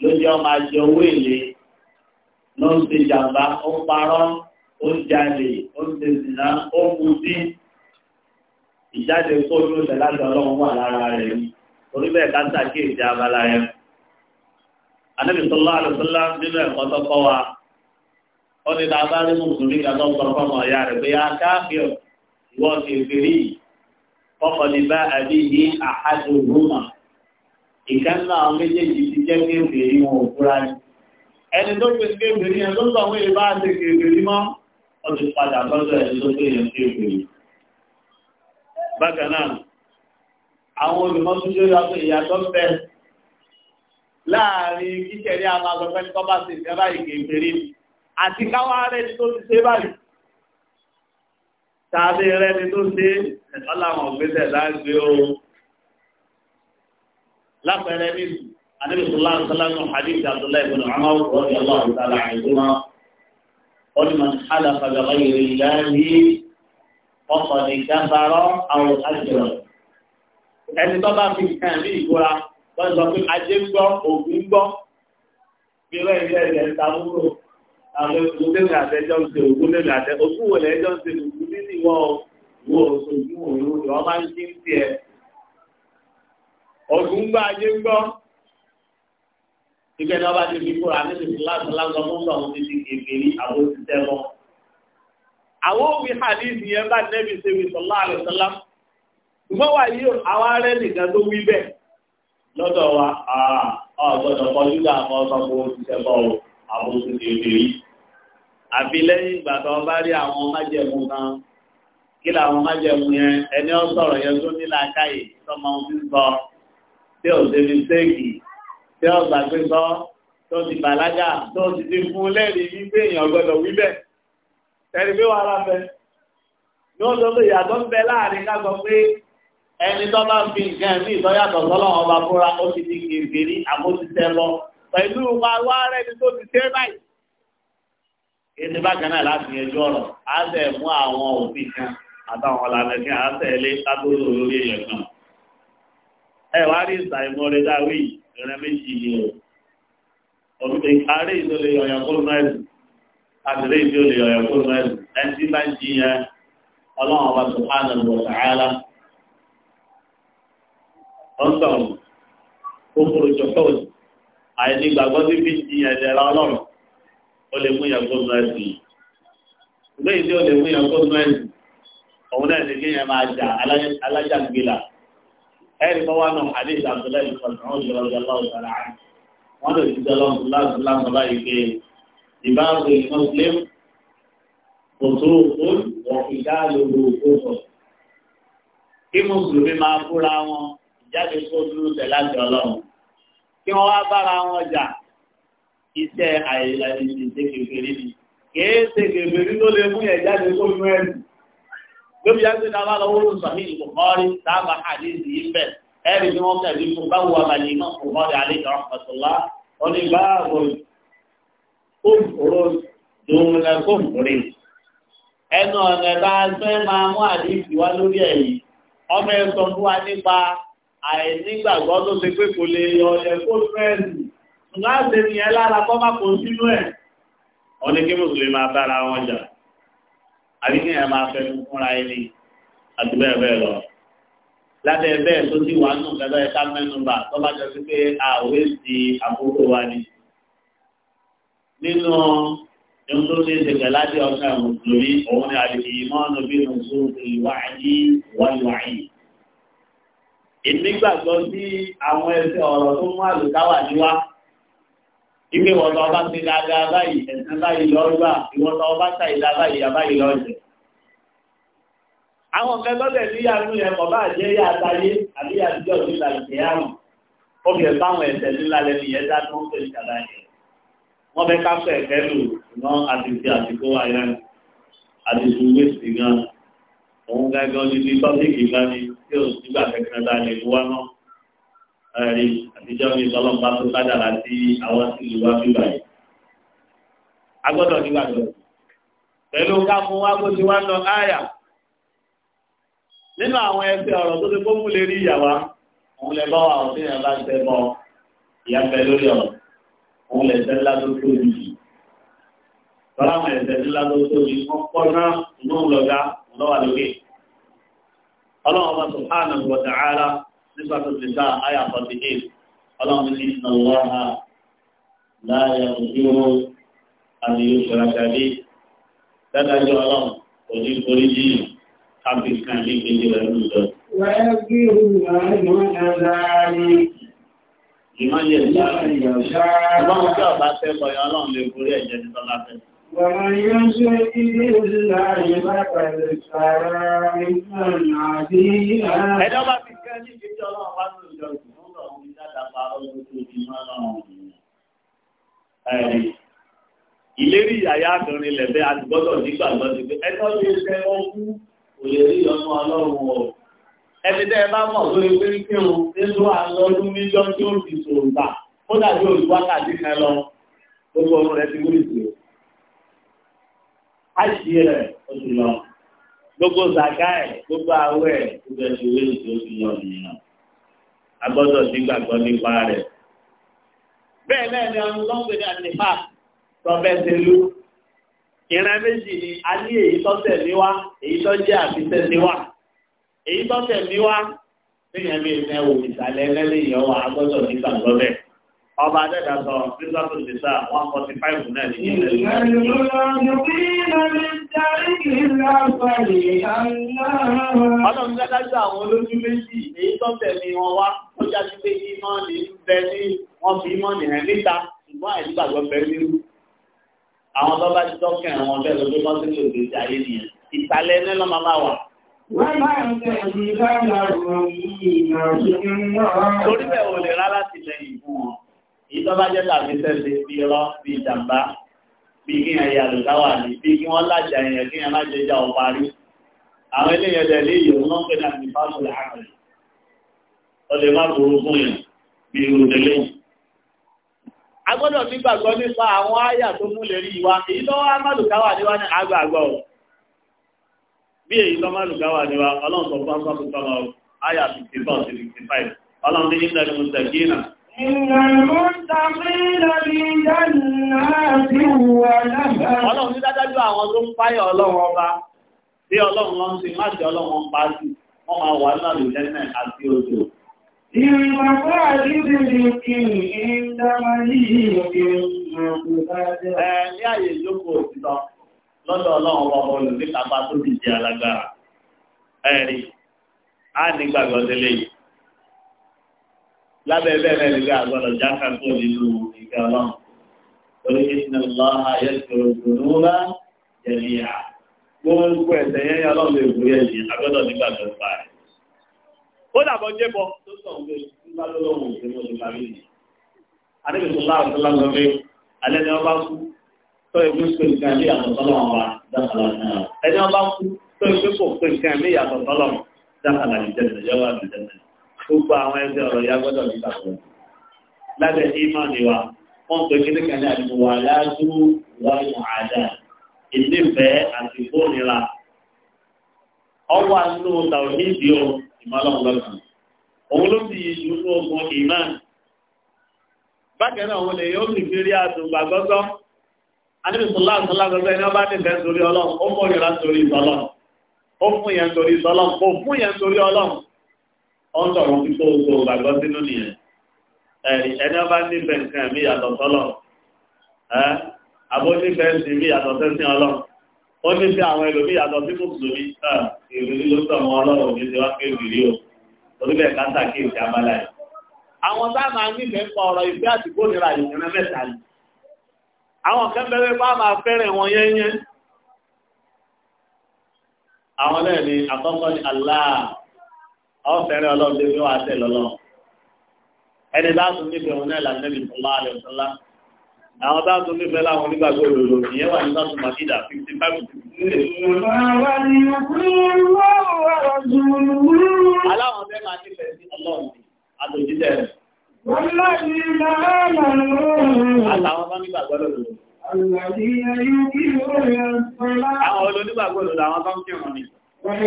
Speaker 1: lójú ọmọ àjọ owó èlé ló ń ṣe jàmbá ó ń parọ́ ó ń jalè ó ń ṣe zìnà ó ń mutí ìjáde kó ló ṣe láti ọlọ́run wà lára rẹ̀ ni torí bẹ́ẹ̀ ká ṣàkíyèsí abala yẹn. anábì sọlá àlùsọlá nínú ẹ̀kọ́ tó kọ́ wa ó ní ta bá rí mùsùlùmí kan tó ń sọ fọmọ ọ̀yá rẹ̀ pé akáfíọ̀ ìwọ kìí fi rí yìí fọmọ ní àhájú rúmà ìkánná àwọn méjèèjì ti jẹ́ kéèkéè rí wọn òkúra ní ẹni tó pè kéèkéè rí ẹni tó sọ wọ́n lè bá ṣe kéèkéè rí mọ́ ọ ti padà lọ́dọ̀ ẹni tó pè yẹn kéèkéè rí bákan náà àwọn olùmọ́túnjó yọ pé ìyàtọ̀ bẹ láàrin kíkẹ̀rí àwọn agbẹ̀fẹ́ ní kọ́bá sí ìjọba ìkéèkéè rí àti káwá rẹ̀ tó ti ṣe báyìí tàbí rẹ̀ tó ṣe ẹ̀tọ́ làwọn ògbésẹ̀ lágbé lápẹẹrẹ ní anabi sọlá sọlánù hadith abdullahi bin umar rọdí aláwọ sàlá àìsùnmá wọn man halafa bi ghayri llahi ọkọ̀ ní káfárọ̀ àwọn àjọ ẹni tó bá fi kàn ní ìkóra wọ́n sọ pé ajé ń gbọ́ ògùn ń gbọ́ bí wọ́n ilé ẹ̀jẹ̀ ń ta àwọn ògùn lẹ́nu àtẹ́jọ́ ń ṣe ògùn lẹ́nu àtẹ́ ògùn wò lẹ́jọ́ ń ṣe ògùn nínú ìwọ̀n wo òṣògùn òru ìwọ́n ń kí ń tiẹ̀ ọ̀gùn gbà ayé gbọ́ ibẹ̀ náà bá ti fi kúrò àmì ìsìn láti lásán fún àwọn ti di kékeré àwọn ti tẹ́ lọ. àwọn òbí hadith yẹn bá nẹ́bi ṣe wí sọ́lá àlùsọ́lá ṣùgbọ́n wà yí àwọn arẹ nìkan tó wí bẹ́ẹ̀ lọ́dọ̀ wa ọ̀gbọ́dọ̀ kọjú dà àwọn ọ̀sán fún ti tẹ́ lọ àwọn ti di kékeré. àfi lẹ́yìn ìgbà tó bá rí àwọn májẹ̀mú kan kí làwọn májẹ̀mú yẹn ẹni ó sọ̀rọ̀ yẹn tó ní làákàyè tọ́mọ tí ò ṣe mistéèkì tí ò gbàgbé sọ tó ti bàlágà tó ti ti fún lẹ́rìí wípé èèyàn gbọ́dọ̀ wí bẹ́ẹ̀ ẹni pé wàhálà bẹ́ẹ̀ ni wọ́n sọ pé ìyàtọ̀ ń bẹ láàrin ká sọ pé ẹni tó bá fi nǹkan ẹ̀mí ìtọ́yàtọ̀ sọ́lọ́wọ́n ọba fúnra ó ti di kèfèrí àmójútẹ́ lọ pẹ̀lú wa wá rẹ́ni tó ti tẹ́ báyìí. Èdè bákan náà láti ẹjọ́ ọ̀rọ̀, á tẹ̀ mú àwọn òfin kan àtàwọn ọ̀làmẹ́kẹ́ àtẹ̀lé lágbóyò lórí èèyàn kan ẹ wá rí ìsàìmọ̀ rẹ̀ dáwé ìrìn méjì yìí o òmìnir àárẹ̀ ìlú lè yọ̀yà kúrò mẹ́rin àtìlẹ́ ìlú lè yọ̀yà kúrò mẹ́rin ẹni tí bá ń jí yẹn ọlọ́run ọba subhanahu wa ta'ala ọ̀sán kókòrò jọ̀kọ́ àìní gbàgbọ́ tí fi ń jí yẹn ọlọ́run ó lè mú yẹn kúrò ìdí ó lè mú yẹn kúrò náà ẹ̀rí bá wà nù àdéhì àbúlá yìí kan àwọn ìjọba ìjọba ọlọ́wọ́ ìjọba àná wọn lè ti dọ́lọ́ ńlá ńlá yìí pé ìbáàbò ìmọ̀sílẹ̀m kò tó òkú wọ̀ ìdá lóru òkú sọ. kí mùsùlùmí máa fúra wọn ìjáde kó dúró tẹ̀ láti ọlọ́run kí wọ́n wá bára wọn jà iṣẹ́ àìlànà ìṣèkèkèrè ni kèé ṣe kèkèrè ló lè mú ẹ̀ jáde kó nú ẹ̀sìn lórí yá sí dábàá lọ́wọ́ ló sọ yìí Bukhari sábà àdéhùn yìí bẹ̀ ẹ̀rí ni wọ́n tẹ̀lé fún báwo àbàlẹ̀ iná Bukhari alẹ́ ìrọ̀pẹ̀tọ̀lá ọdún báwo kóòrò dùnlẹ̀ kóòrè ẹnu ọ̀nà bá a fẹ́ máa mú àdéhùn wá lórí ẹ̀yìn ọmọ ẹ̀ sọ fún wa nípa àìnígbàgbọ́ tó ṣe pé kò lè ọ̀lẹ̀ kó fẹ́ẹ̀sì ṣùgbọ́n àṣẹ lára kọ́ má kó sínú ẹ̀ ọ̀nà kí mùsùlùmí máa bára wọn jà àbí ní ẹ̀rọ máa fẹ́ fúnra ẹni àti bẹ́ẹ̀ bẹ́ẹ̀ lọ. lábẹ́ bẹ́ẹ̀ tó ti wà nù kẹ́lọ́ ẹ̀ka mẹ́nubà tó bá jọ sí pé àwé sí àkókò wa ni. nínú ohun tó ní ìṣẹ̀lẹ̀ láti ọ̀sán mùsùlùmí òun ni àdìsí ìmọ̀ọ́nù bí nùsùn ìwà àyí wáyé wáyé. ìnígbàgbọ́ sí àwọn ẹsẹ̀ ọ̀rọ̀ tó mú àlùkáwà ní wá. Ibi wọn lọ bá ti dáadáa báyìí, ẹ̀sìn báyìí lọ́gbà, ìwọ́n lọ bá ta ìdá báyìí, àbáyìí lọ́jẹ̀. Àwọn ọ̀fẹ́ lọ́dẹ̀ ní yàrá yẹn kọ̀ bá jẹ́ yá àtayé àbí àtijọ́ ní ìlànà ìyáàrùn. Ó fi ẹ̀fọ́ àwọn lẹ́nu yẹn dá tó ń pè ní kàdá yẹn. Wọ́n fẹ́ ká fẹ́ ẹ̀fẹ́ lù ṣùgbọ́n àtìsí àtìkó ayára àtìsí wíṣì gan. Òun gẹ́gẹ́ ẹ̀rí àtijọ́ mi lọ́lọ́pàá tó ládàlá sí àwọn sí ìlú wa bíbá yìí. a gbọ́dọ̀ nígbàgbọ́ pẹ̀lú ká fún wa bó ti wá ń lọ áyà nínú àwọn ẹsẹ̀ ọ̀rọ̀ tó ti gbóhùn lè rí ìyàwó òun lè bá àwọn tí yẹn bá ń tẹ́ bọ́ ìyá ń bẹ lórí ọ̀rọ̀ òun lè tẹ́ ńlá tó tóbi yìí tọ́lá àwọn ẹsẹ̀ ńlá tó tóbi wọ́n pọ́ náà inú lọ́gá lọ́wà lókè ọlọ́run ọba sùhánà wọ̀tàhálà nígbà tó ti sá àyà forty eight ọlọ́run ní ìnáwó láàyè òṣèrò àti òṣèrò àtàlẹ́ dádájọ́ ọlọ́run kò ní torí jí káfí kan ní kejì rẹ̀ ń lọ. Ìmọ̀ yẹ̀ sáà. Ìmọ̀ tí ọ̀bá fẹ́ bọ̀yọ̀ ọlọ́run lè borí ẹ̀jẹ̀ ní tọ́lá fẹ́.
Speaker 2: ومن يشرك بالله فقد افترى اثما عظيما ẹ̀dọ́
Speaker 1: ìlérí àyà àtọrin lẹ̀bẹ̀ àti gbọ́dọ̀ nígbàgbọ́ ti pé ẹjọ́ ló ṣe wọ́n kò lè rí ọmọ ọlọ́run ọ̀ ẹni tẹ́ bá mọ̀ tó lè pé kí òun nínú àlọ́dún mílíọ̀n tí ó fi sòrò gbà ó dàbí àìsí rẹ̀ ó ti lọ gbogbo zaka ẹ̀ gbogbo awẹ́ ẹ̀ gbogbo ẹ̀sùn wẹ́lú tó ti lọ nìyẹn a gbọ́dọ̀ sí gbàgbọ́ nípa rẹ̀ bẹ́ẹ̀ bẹ́ẹ̀ ni ọ̀run lọ́gbẹ̀dẹ àtìfà tọ́bẹ̀ ti lú ìran méjì ni a ní èyí tó tẹ̀lé wá èyí tó jẹ́ àfisẹ́ ní wá èyí tó tẹ̀lé wá ní ìyẹn bí ìfẹ́ wò ìsàlẹ̀ ẹlẹ́lẹ́yìn ọwọ́ a gbọ́dọ̀ sí gbàgbọ́ bẹ́ẹ̀ ọba adẹ́dà sọ nígbà tó lè sá one forty five náà ní ilẹ̀
Speaker 2: ọlọ́run dájú àwọn olójú méjì èyí tó tẹ̀lé wọn wá ó jáde pé ìmọ̀ ní bẹ
Speaker 1: ní wọ́n fi ìmọ̀ ní ẹ̀ níta ṣùgbọ́n àìdígbàgbọ́ bẹ nírú àwọn tó bá ti tọ́kẹ̀ àwọn ọ̀dẹ́ lójú mọ́ sínú òde ti ayé nìyẹn ìsàlẹ̀ ẹni lọ́mọ máa wà.
Speaker 2: Wọ́n máa ń tẹ̀ sí bá yàrá òun yìí ìrìn àjò ń wọ́n. Torí bẹ́ẹ̀ ò lè rárá sí lẹ́yìn
Speaker 1: fún wọn ìtọ́ba jẹ́ tàbí sẹ́lẹ̀ bí rọ́ bí ìjàmbá bí kí ẹ̀ yà lò dáwà ní bí kí wọ́n lájà ẹ̀yẹ̀ kí ẹ̀ má jẹ jà ọ parí àwọn eléyẹ̀ dẹ̀ lé ìyẹ̀wò náà pé náà ní fásitì láàrin ó lè má burú fún yẹn bí irú délé yìí. a gbọ́dọ̀ nígbàgbọ́ nípa àwọn àyà tó mú lérí ìwà èyí tó wá málùkáwà níwá ní àgbààgbà o bí èyí tó málùkáwà níwá ọlọ́run tó fọ́n
Speaker 2: Ọlọ́run ní
Speaker 1: dájájú àwọn tó ń páyọ̀ ọlọ́run ọba, bí ọlọ́run lọ ń ṣe má jẹ́ ọlọ́run pa sí, wọ́n máa wà náà lè lẹ́nà àti òjò.
Speaker 2: Ìrìnàkọ́ àdídì ní kí ìdámà yìí Ẹ ní àyè ìjókòó
Speaker 1: òtítọ́ lọ́dọ̀ ọlọ́run ọba olùdíkàpá tó ti jẹ alágbára. Ẹ̀rí, á lábẹ́ bẹ́ẹ̀ bẹ́ẹ̀ nígbà àgbọ̀dọ̀ jáka kó nínú ìgbà náà torí ìsinmi lọ́ha yẹ kúrò dùnú bá jẹ̀bi à gbogbo ẹ̀sẹ̀ yẹn yọ lọ́wọ́ èkó yẹn yìí àgbọ̀dọ̀ nígbà tó ń bá rẹ̀. ó dàbọ̀ jẹ́ bọ tó sọ pé nígbà tó lọ́wọ́ òkè ló ti parí ni. adébísọ̀ láàrú tó lágbọ́ pé alẹ́ ni wọ́n bá kú tó ẹgbẹ́ pé nǹkan ilé yàtọ̀ tọ́lọ̀ gbogbo àwọn ẹgbẹ́ ọ̀rọ̀ ya gbọ́dọ̀ ní ìgbàgbọ́ lábẹ́ ìmọ̀ ni wa wọ́n pè kí nìkan ní àdúgbò wa lájú wà ní àdá ìdífẹ́ àti ìgbónira ọwọ́ àdúgbò tàwíìdì o ìmọ̀lọ́wọ́ lọ́kàn òun ló ti yíjú fún ogun ìmọ̀ bákan náà òun lè yóò sì fi rí àtùgbà gbọ́gbọ́ adébísọ̀lá àtúnlá gbọ́gbọ́ ẹni ọba nífẹ̀ẹ́ torí ọlọ́run ó mọ̀ yọra torí ìsọlọ́run ó fún yẹn torí ìsọlọ́run kò fún yẹn torí ọlọ́run ọ̀n sọ̀rọ̀ fífọ́ oṣù ògbàgbọ́ sínú nìyẹn ẹni ọba nífẹ̀ẹ́ nǹkan mi yàtọ̀ sọ́lọ̀ àbó nífẹ̀ẹ́ sí mi yàtọ̀ sẹ́sìn ọlọ́ ó nífẹ̀ẹ́ àwọn ẹlòmí yàtọ̀ sí mùsùlùmí ìrírí ló sọ wọn ọlọ́run ní ti wá pé ìrírí o oníbẹ̀ káńtà kí èsì abala yìí. àwọn tá a máa nífẹ̀ẹ́ ń pa ọ̀rọ̀ ìfẹ́ àti kónira ìrìnà mẹ́ta ni àwọn kan bẹ́rẹ̀ bá máa fẹ́rẹ̀ wọn yẹ́yẹ́ àwọn náà ni àkọ́kọ́ ni Allah ọ̀fẹ́rẹ́ ọlọ́run débi wá tẹ̀ lọ́lọ́run ẹni bá tún níbẹ̀ òun náà lànàbì sọlá àlẹ́ sọlá àwọn bá tún níbẹ̀ láwọn onígbàgbọ́ òdòdó ìyẹn wà ní sátú màkìdà fifty five
Speaker 2: aláwọn bẹ́ẹ̀ máa nífẹ̀ẹ́ sí
Speaker 1: ọlọ́run àtòjíṣẹ́ rẹ̀ àtàwọn bá nígbàgbọ́ òdòdó àwọn olónígbàgbọ́ òdòdó àwọn bá ń kírun ni. Wọ́n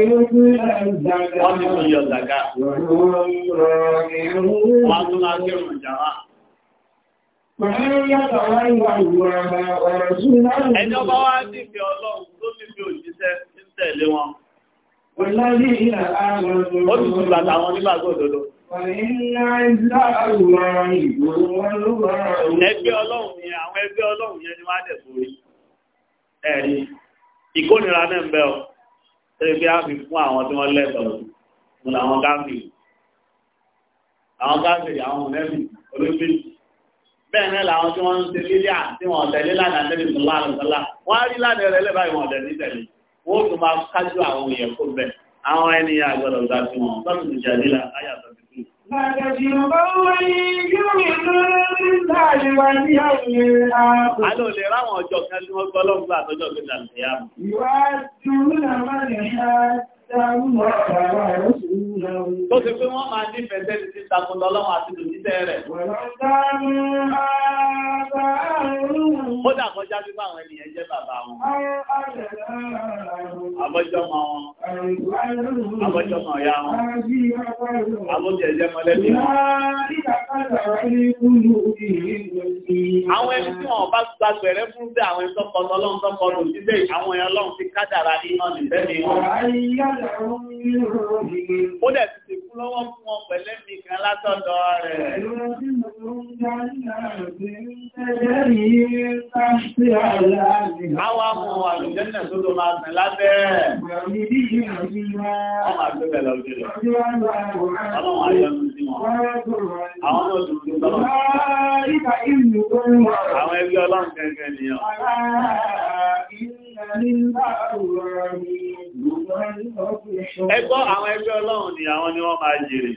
Speaker 1: Ẹni ọba wá nífẹ̀ẹ́ Ọlọ́run tó nífẹ̀ẹ́ òjíṣẹ́ ń tẹ̀lé wọn. Ẹgbẹ́ Ọlọ́run yẹn,
Speaker 2: àwọn ẹgbẹ́ Ọlọ́run yẹn
Speaker 1: ni wá dẹ̀ sórí. Ẹ̀rí, ìkórìíra náà ń bẹ ọ tẹ́lẹ̀ bí a fi fún àwọn tí wọ́n lẹ́tọ̀ọ́ fún àwọn gáfìrì àwọn gáfìrì àwọn mẹ́bì olóbìnrin bẹ́ẹ̀ náà làwọn tí wọ́n ń ṣe lílẹ̀ àti wọn tẹ̀lé lánàá tẹ́lẹ̀ tó láàrín sọ́lá wọ́n á rí lánàá rẹ̀ lẹ́bàá ìwọ̀n tẹ̀lé tẹ̀lé wọ́n ó tún máa kájú àwọn èèyàn kó bẹ̀ àwọn ènìyàn àgbọ̀dọ̀ gbà sí wọn sọ́tún ìjàdílà ayàtọ̀
Speaker 2: Àlò lè ráwọn ọjọ́ kan tí wọ́n gbọ́ lọ́wọ́ gbà
Speaker 1: àtọ́jọ́ tó jà lè yá. Tó ti pé wọ́n máa nífẹ̀ẹ́ tẹ́lì sí takùnlọ́lọ́wọ́ àti lòdítẹ́ rẹ̀. Wọ̀lọ́dá kódà kọjá bí bá àwọn ènìyàn jẹ́ bàbá
Speaker 2: wọn. Àbọ́jọ́mọ̀ wọn. Àbọ́jọ́mọ̀ ìyá wọn. Àbọ́jẹ̀jẹ́ mọ̀lẹ́bí wọn. Àwọn
Speaker 1: ẹni tí wọ́n bá gba gbẹ̀rẹ́ fún bí àwọn ẹni tọ́kọ lọ́lọ́run tọ́kọ lò sílé àwọn ẹ̀yàn lọ́run ti kádàrá iná
Speaker 2: nìfẹ́
Speaker 1: lọ́wọ́ fún wọn pẹ̀lẹ́ nìkan látọ̀dọ̀ rẹ̀. Àwọn amú àlùjẹ́nà tó tó máa sìn lábẹ́ ẹ̀. Ọmọ àgbẹ̀bẹ̀
Speaker 2: lọ jẹ́ lọ. Ọlọ́run sí wọn. Àwọn náà tọ́lọ̀. Àwọn ẹgbẹ́ ọlọ́run gẹ́gẹ́ Ẹgbọ́ àwọn
Speaker 1: ẹgbẹ́ ọlọ́run ni àwọn ni wọ́n máa máa jèrè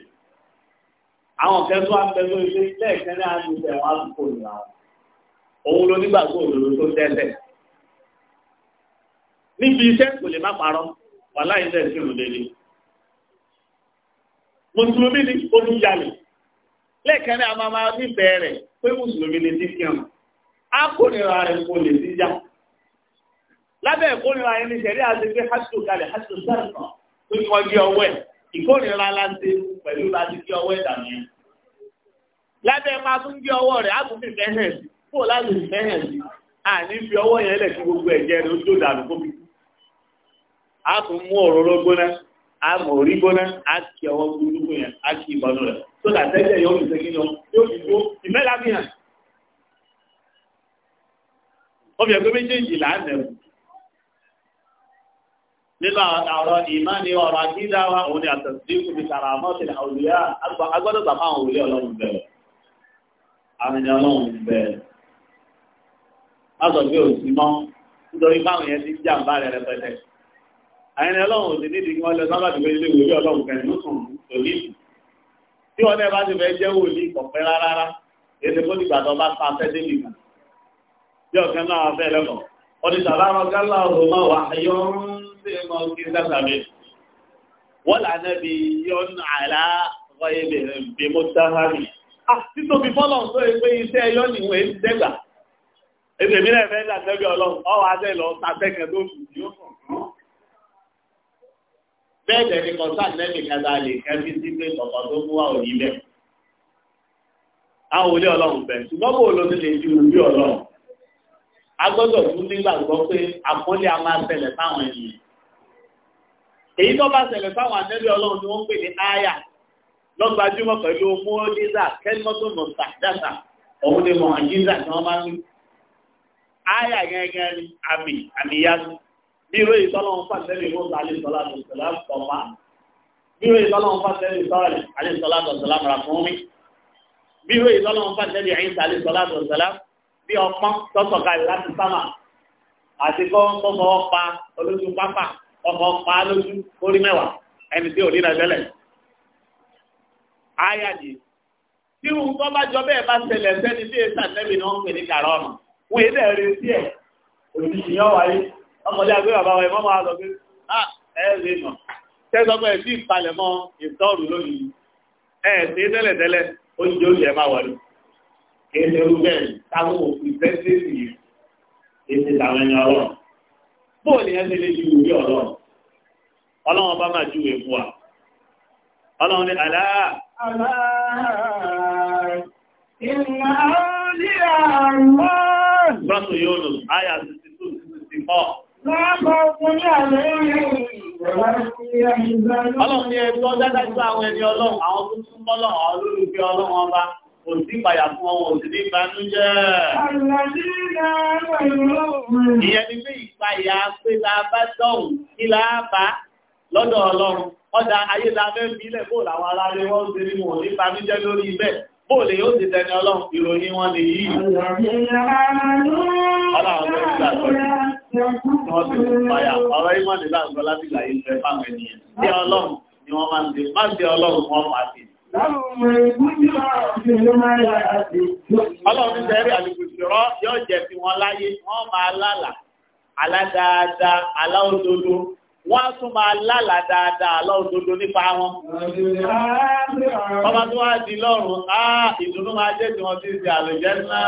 Speaker 1: àwọn kẹtọ́ àpẹẹrẹ ilé ilé ẹ̀kẹ́ náà ní ilẹ̀ wọn àlùkò ìlà òun ló nígbàgbọ́ òdodo tó tẹ́lẹ̀ níbi iṣẹ́ kò lè má parọ́ wà láì lẹ̀ sí òde ni mùsùlùmí ni olùyàlè lẹ́ẹ̀kẹ́ náà máa máa nífẹ̀ẹ́ rẹ̀ pé mùsùlùmí ni díkìọ̀nù á kórìíra rẹ̀ kò lè díjà lábẹ́ ìkórìíra yẹn ni sẹ̀rí àti pé hásùkàlẹ̀ hásùkàlẹ̀ tó ti wọ́n gé ọwọ́ ẹ̀ ìkórìíra láti pẹ̀lú láti gbé ọwọ́ ẹ̀dà lábẹ́ ma tún ọwọ́ rẹ̀ ágùn fi sí kó láti fi sí àní fi ọwọ́ yẹn lẹ̀ gbogbo ẹ̀jẹ̀ rẹ̀ ojú òdàlù a tún mú òróró gbóná a mọ̀ orí gbóná a kì ọwọ́ yẹn a kì ìbọnú rẹ̀ tó dà tẹ́jẹ̀ yóò fi gbó ìmẹ́lá fi hàn. ó fi ẹgbẹ́ méjèèjì nínú àwọn ìmáni ọ̀rọ̀ àjídá wa òun ni àtẹ̀síkù fi kàrà àmọ́sílẹ̀ àwòlíyà agbọ́dọ̀ tàbá àwọn òwúlé ọlọ́run bẹ̀rẹ̀ àwọn ènìyàn ọlọ́run bẹ̀rẹ̀ lásọ̀gbé òsì mọ́ nítorí báwọn yẹn ti ń jàǹbá rẹ̀ rẹpẹtẹ àwọn ènìyàn ọlọ́run òsì nídìí kí wọ́n lọ sábà dùgbé ilé ìwé ọlọ́run kẹrin ló sùn òní tí ọdún sàlámọ́ gálà ọ̀rọ̀ máa wà ayọ́rùn wọ́n lànà bí yọ́n àlá wáyé bí mo dáhàrí. Títóbi fọ́lọ̀ tó yẹ pé iṣẹ́ yọ́n ni wọ́n ti dẹ́gbà. Èdè mi náà fẹ́ dàgbẹ́bí ọlọ́run, ọwọ́ adé lọ sàtẹ́kẹ̀ tó kù yóò kàn án. Bẹ́ẹ̀ dẹ̀ ni kọ̀ǹtàn lẹ́mì kẹta lè kẹ́bí sí pé ọ̀pọ̀ tó mú wa ò ní bẹ̀. Àwọn olé ọlọ́run bẹ̀, ṣùgbọ́n bò ló ti lè di olú ọlọ́run. A gbọ́dọ̀ tún nígbàgbọ́ pé àpọ́nlé a máa tẹ̀lẹ̀ fáwọn ènìyàn èyí tó bá ṣẹlẹ̀ fáwọn àtẹ́lẹ̀ ọlọ́run ni wọ́n ń pè ní áyà lọ́gbàjúmọ̀ pẹ̀lú mọ́ọ́lẹ́sà kẹ́lọ́tò mọ̀tà dáta òun ni mọ̀ àjíǹsà tí wọ́n máa ń rí áyà gẹ́gẹ́ ní àmì àmìyánu bí ìwé ìtọ́lọ́run fàtẹ́lẹ̀ mọ́tà alẹ́sọ̀lá àtọ̀sọ̀lá tọ̀má bí ìwé ìtọ́lọ́run fàtẹ́lẹ̀ sọ́ọ̀lẹ̀ alẹ́sọ̀lá àtọ̀sọ̀lá mara fún mi bí ìwé ìtọ́lọ́run fàtẹ́lẹ̀ àyíǹsà alẹ́sọ̀lá àtọ̀sọ̀lá bí ọpọ́n tọ́sọ̀kalẹ̀ láti sámà àti kọ́ tọ́sọ̀ pa pápá ọkọ̀ pa lójú orí mẹ́wàá ẹni tí ò ní ìrẹ̀lẹ́lẹ̀. Aya ni tí wọn kọ́ bá jọ bẹ́ẹ̀ bá ṣẹlẹ̀ sẹ́ni tí èsì àtẹ́bí náà ń pè ní kàrọ́ ọ̀nà. Wọ́n yé bẹ́ẹ̀ rí sí ẹ̀ òjijì yẹn wáyé. Ọmọdé àgbé bàbá wa ìmọ̀ máa lọ pé á ah, ẹ lè mọ̀. Tẹ́sán pé ẹ̀sìn ìpalẹ̀mọ́ ìtọ́rù lónìí. Ẹ ṣe tẹ́lẹ̀ tẹ́lẹ̀ oúnjẹ oúnjẹ máa wọlé. Kéde irú bẹ́ẹ̀ Bóòlù yẹn ti lè ju ìwé ọlọ́run ọlọ́run bá máa júwe fún wa ọlọ́run ní àlá
Speaker 2: àlá ìrìnà ní àrùn
Speaker 1: Bọ́sù yóò lò, àyà 62,
Speaker 2: 64. Ọlọ́run ni
Speaker 1: ẹgbọ́ dájájú àwọn ẹni ọlọ́run, àwọn tó súnmọ́ ọlọ́run, àwọn olólùfẹ́ ọlọ́run ọba, kò sí Ìyẹn ni pé ìpàyà pé la bá kí la lọ́dọ̀ ọlọ́run ọjà ayé la fẹ́ fi ilẹ̀ bóòlù àwọn aráyé wọ́n ń ṣe ní wọn nípa jíjẹ́ lórí bẹ́ẹ̀ bóòlù yóò ti tẹni ọlọ́run ìròyìn wọn lè yí Ọlọ́run tẹ́rí àlùkùsùrọ́ yóò jẹ́ fi wọn láyé, wọ́n máa lálà, aládáadáa, aláòdodo, wọ́n á tún máa lálàá dáadáa lọ́dọọdọ nípa wọn. ọmọ tó wá di lọ́rùn á ìdùnnú máa jẹ́ tí wọ́n ti ṣe àlùjẹ́ náà.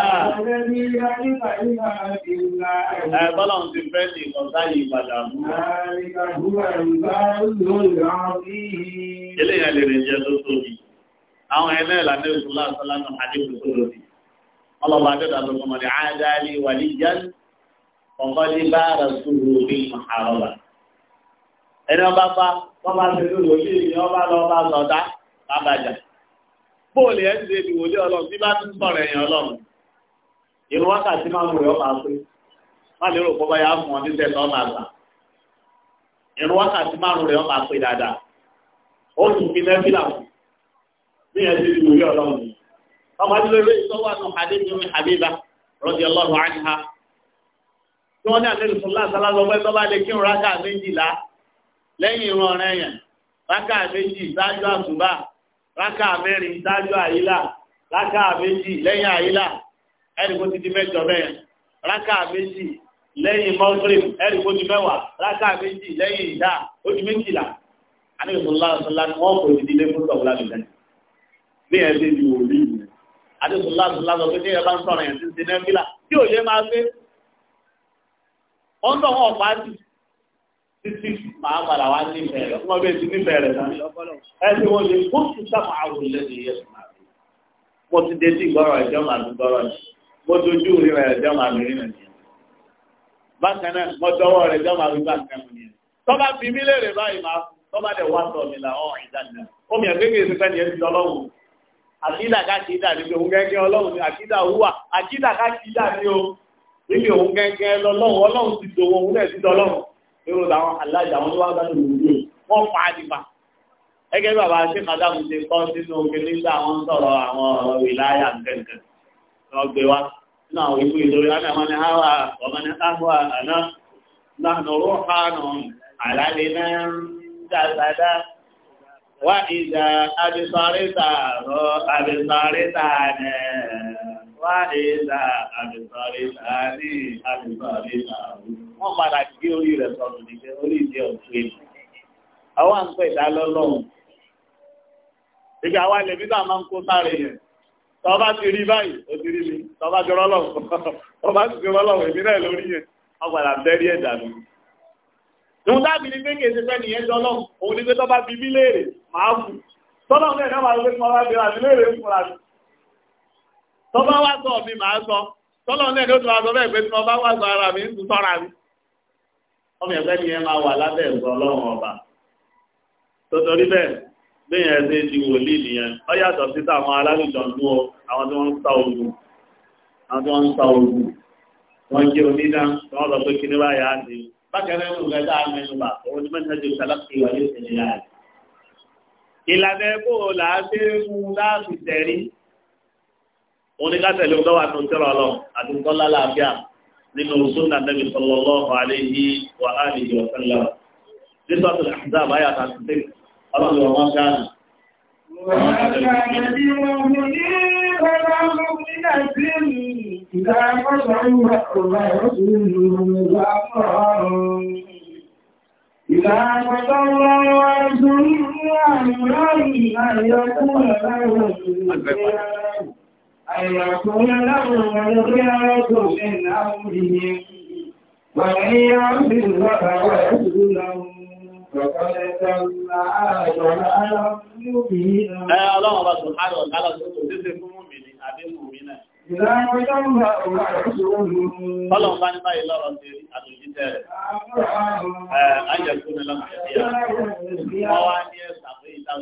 Speaker 1: ẹ̀bọ́lọ̀ ti fẹ́ ní ìkọ̀tá yìí padà mú. eléyàn lè rìn jẹ́ tó tóbi. àwọn ẹ̀lẹ́ ìlànà ìṣù lásán lánàá àdéhùn tó lòdì. ọlọ́ba bá ẹni ọba bá wọn bá ṣe lórí òlì ni wọn bá lọ bá sọdá lábàjá bóòlù ẹ ti lè di wòlé Ọlọ́run bí bá tún sọ̀rọ̀ ẹ̀yìn Ọlọ́run ìrún wákàtí máa ń wòye ọba pé má lérò pé báyà fún ọ níṣẹ́ tó máa gbà ìrún wákàtí máa ń wòye ọba pé dáadáa ó tún fi nẹ́fìlà fún bí ẹ ti di wòlé Ọlọ́run ọmọ adúlé rẹ ìtọ́wọ́ àti àdéhùn Habiba radiyallahu anha tí wọ́n ní àtẹ́lẹ̀ fún lásán lásán pé tọ́ba lè kírun rákà méjìlá lẹ́yìn ìran ọ̀rẹ́ yẹn rákà méjì ṣáájú àsùbá rákà mẹ́rin ṣáájú àyílà rákà méjì lẹ́yìn àyílà ẹni kó ti di mẹ́jọ bẹ́ẹ̀ rákà méjì lẹ́yìn mọ́gírìm ẹni kó di mẹ́wàá rákà méjì lẹ́yìn ìdá ó di méjìlá adéṣọlá ṣọlá ni wọ́n kò ìdílé fún ṣọ̀bùlá mi lẹ́nu bí ẹ ṣe di wòlíì yẹn adéṣọlá ṣọlá sọ pé ní ẹ títí màá padà wá nífẹ̀ẹ́ rẹ̀ fún ọbẹ̀ tí nífẹ̀ẹ́ rẹ̀ náà ẹni wọn lè kó tún sábà àwọn ìlẹ́sìn yẹn sùn àbí mo ti dé sí ìgbọ́rọ̀ ẹ̀jọ́ màá mi gbọ́rọ̀ ni mo dojú rí rẹ̀ ẹ̀jọ́ màá mi rí rẹ̀ ni bákan náà mo dọwọ́ rẹ̀ ẹ̀jọ́ màá mi bákan mi ni tọ́ba bí mi léèrè báyìí máa tọ́ba dẹ̀ wá sọ mi là ọ́ ìdájọ́ àkídà kákídà ni òun gẹ́gẹ́ ọlọ́run ni àkídà wúwà àkídà kákídà ni o níbi òun gẹ́gẹ́ lọ́lọ́run ọlọ́run ti dòwò òun náà ti dọ́lọ́run irú àwọn alájà àwọn tó wá gbádùn lòdì wọ́n pa á nípa. gẹ́gẹ́ bí bàbá ṣe màdàmù ṣe kọ́ sínú oge nígbà àwọn ń sọ̀rọ̀ àwọn ọ̀rọ̀ ìláyà nǹkan lọ gbé wa nínú àwọn ìlú ìlórí láti àwọn ẹ̀háwà ọmọ ní káwà àná lánà ró hànà àlálẹ́ náà ń dàgbàdà wá ìjà abisọ̀rẹ́ta rọ abisọ̀rẹ́ta nẹ̀ wá ìjà abisọ̀rẹ́ta ní abisọ̀rẹ́ta rọ wọ́n padà gbé orí rẹ̀ sọ̀rọ̀ nìkan orí ìdí ọ̀tún èyí. àwọn à ń pè dá lọ́lọ́run. ìgbà wa lè bíbá máa ń kó sáré yẹn. tọ́ba ti rí báyìí ó ti rí mi tọ́ba ti rọ́lọ́run tọ́ba ti ti rọ́lọ́run èmi náà lórí yẹn wọ́n padà bẹ́rí ẹ̀dà mi. ìwọ̀n tábìlì ní kéèké ṣe fẹ́ nìyẹn jọlọ́ òun ni pé tọ́ba fi mí léèrè máa fún tọ́lọ́ tọ́ba wá sọ mi màá sọ tọ́lọ́ náà ló tún wá sọ bẹ́ẹ̀ pé tí wọ́n bá wá sọ ara mi ń tún sọ́ra mi ọmọ ẹgbẹ́ ni ẹ máa wà lábẹ́ ẹ̀gbọ́n ọlọ́run ọba tòtòrí bẹ́ẹ̀ bẹ́ẹ̀ ẹ̀ ṣe di wòlíì nìyẹn ọ yàtọ̀ sí táwọn alálùjọ ń dúró àwọn tí wọ́n ń sa ogun àwọn tí wọ́n ń sa ogun wọ́n jẹ́ onídá wọ́n sọ pé kíní báyà á di bákẹ́rẹ́ ń rẹ̀ dá mẹ́nuba òun ni mẹ́ta ju sàlákì wáyé tẹ̀lé yá rẹ̀. ìlànà ẹ̀kọ́ làásì mú láàfin tẹ̀rí òun ni ká tẹ̀lé ọgbà wà tó nínú sunna nabi sallallahu alayhi wa alihi wa sallam nígbà tó làkúdà báyà tá a ti tẹ́lẹ̀ ọlọ́run wọn máa
Speaker 2: ń gáàdì. Ìgbà àpapọ̀ wọn wá sórí àwọn ọ̀rọ̀ ìgbà yọkùn lọ́wọ́ ìgbà. aiahe iheụụ aaa a naụụaaeeaụụ a ụ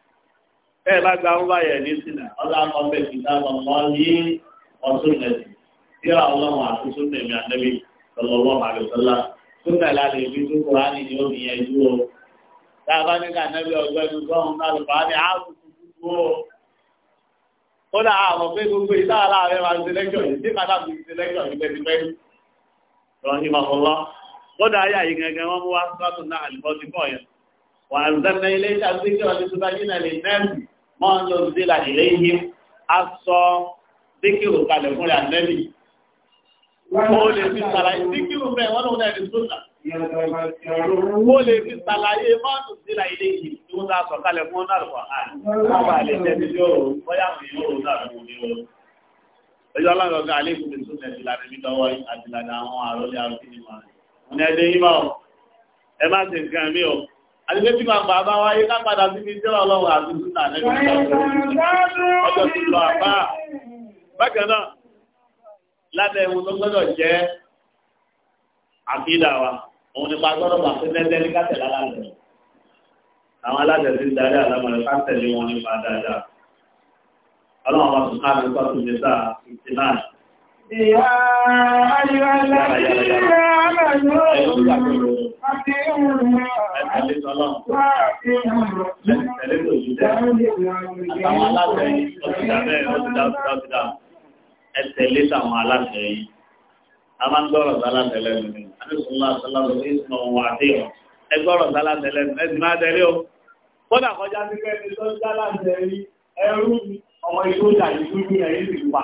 Speaker 1: bẹ́ẹ̀ bá gba ń báyẹ̀ ní sílẹ̀ ọlọ́pàá bẹ́ẹ̀ fi dá ọmọ ní ọtún lẹ́sìn tí ọlọ́run àti súnmọ̀ èmi àtẹ́bí lọ́lọ́wọ́ àlùsọ́lá súnmọ̀ ìlànà ìbí tó kọ́ á nìyí ó nìyẹn jú o tá a bá ní ká nẹ́bí ọgbẹ́ ní gbọ́n náà lùpá ní ààbò tuntun o kódà àwọn pé gbogbo ìta aláàrẹ wa ti lẹ́kọ̀ọ́ yìí tí kàdá fi ti lẹ́kọ̀ọ́ yìí pẹ́ẹ́tì pẹ́ẹ́tì lọ́ọ́ ní màkọ́lá kódà ayé àyè gẹ́gẹ́ wọ́n mú wá sọ́tún náà àlùkò ti kọ́ yẹn وأنزلنا إليك الذكر لتبين للناس ما نزل إليهم aṣọ díkìrù kalẹ̀ fún rẹ̀ ànẹ́bì.
Speaker 2: Mo lè fi sàlàyé
Speaker 1: díkìrù bẹ̀ wọ́n lóun náà ní sọ́nà. Mo lè fi sàlàyé mọ́tò sílà ilé yìí tí wọ́n sọ kalẹ̀ fún náà lọ́wọ́ àárín. Wọ́n bá lè tẹ́lẹ̀ yóò bọ́yá mi yóò náà lọ́wọ́ ní o. Ẹjọ́ ọlọ́run ọ̀gá àlékún Àdílé tí máa bàbá wáyé lápadà sí ní jẹ́rọ ọlọ́run àti ìsúta nẹ́bí ọjọ́ tí lọ àbá. Bákan náà, lábẹ́ ẹ̀wọ̀n tó gbọ́dọ̀ jẹ́ àkídà wa, òun nípa gbọ́dọ̀ bà fún lẹ́lẹ́ ní kàtẹ̀ lálàlẹ̀.
Speaker 2: Àwọn aláṣẹ ti ń darí
Speaker 1: àlámọ̀lẹ̀
Speaker 2: يا أيها الذين آمنوا أطيعوا الله وأطيعوا الرسول
Speaker 1: Ẹ̀tẹ̀lé tàwọn aláṣẹ yìí, a máa ń gbọ́rọ̀ sálátẹ̀lẹ́ nìí, a ní sọ́lá sálátẹ̀lẹ́ nìí sọ wà tí ọ̀. Ẹ gbọ́rọ̀ sálátẹ̀lẹ́ nìí, ẹ̀sìn máa tẹ̀lé o. Kódà kọjá sí pé ẹni tó ń sálátẹ̀lẹ́ ẹrú ọmọ ìlú ìjà ìlú ní ẹ̀yìn ìlú wa.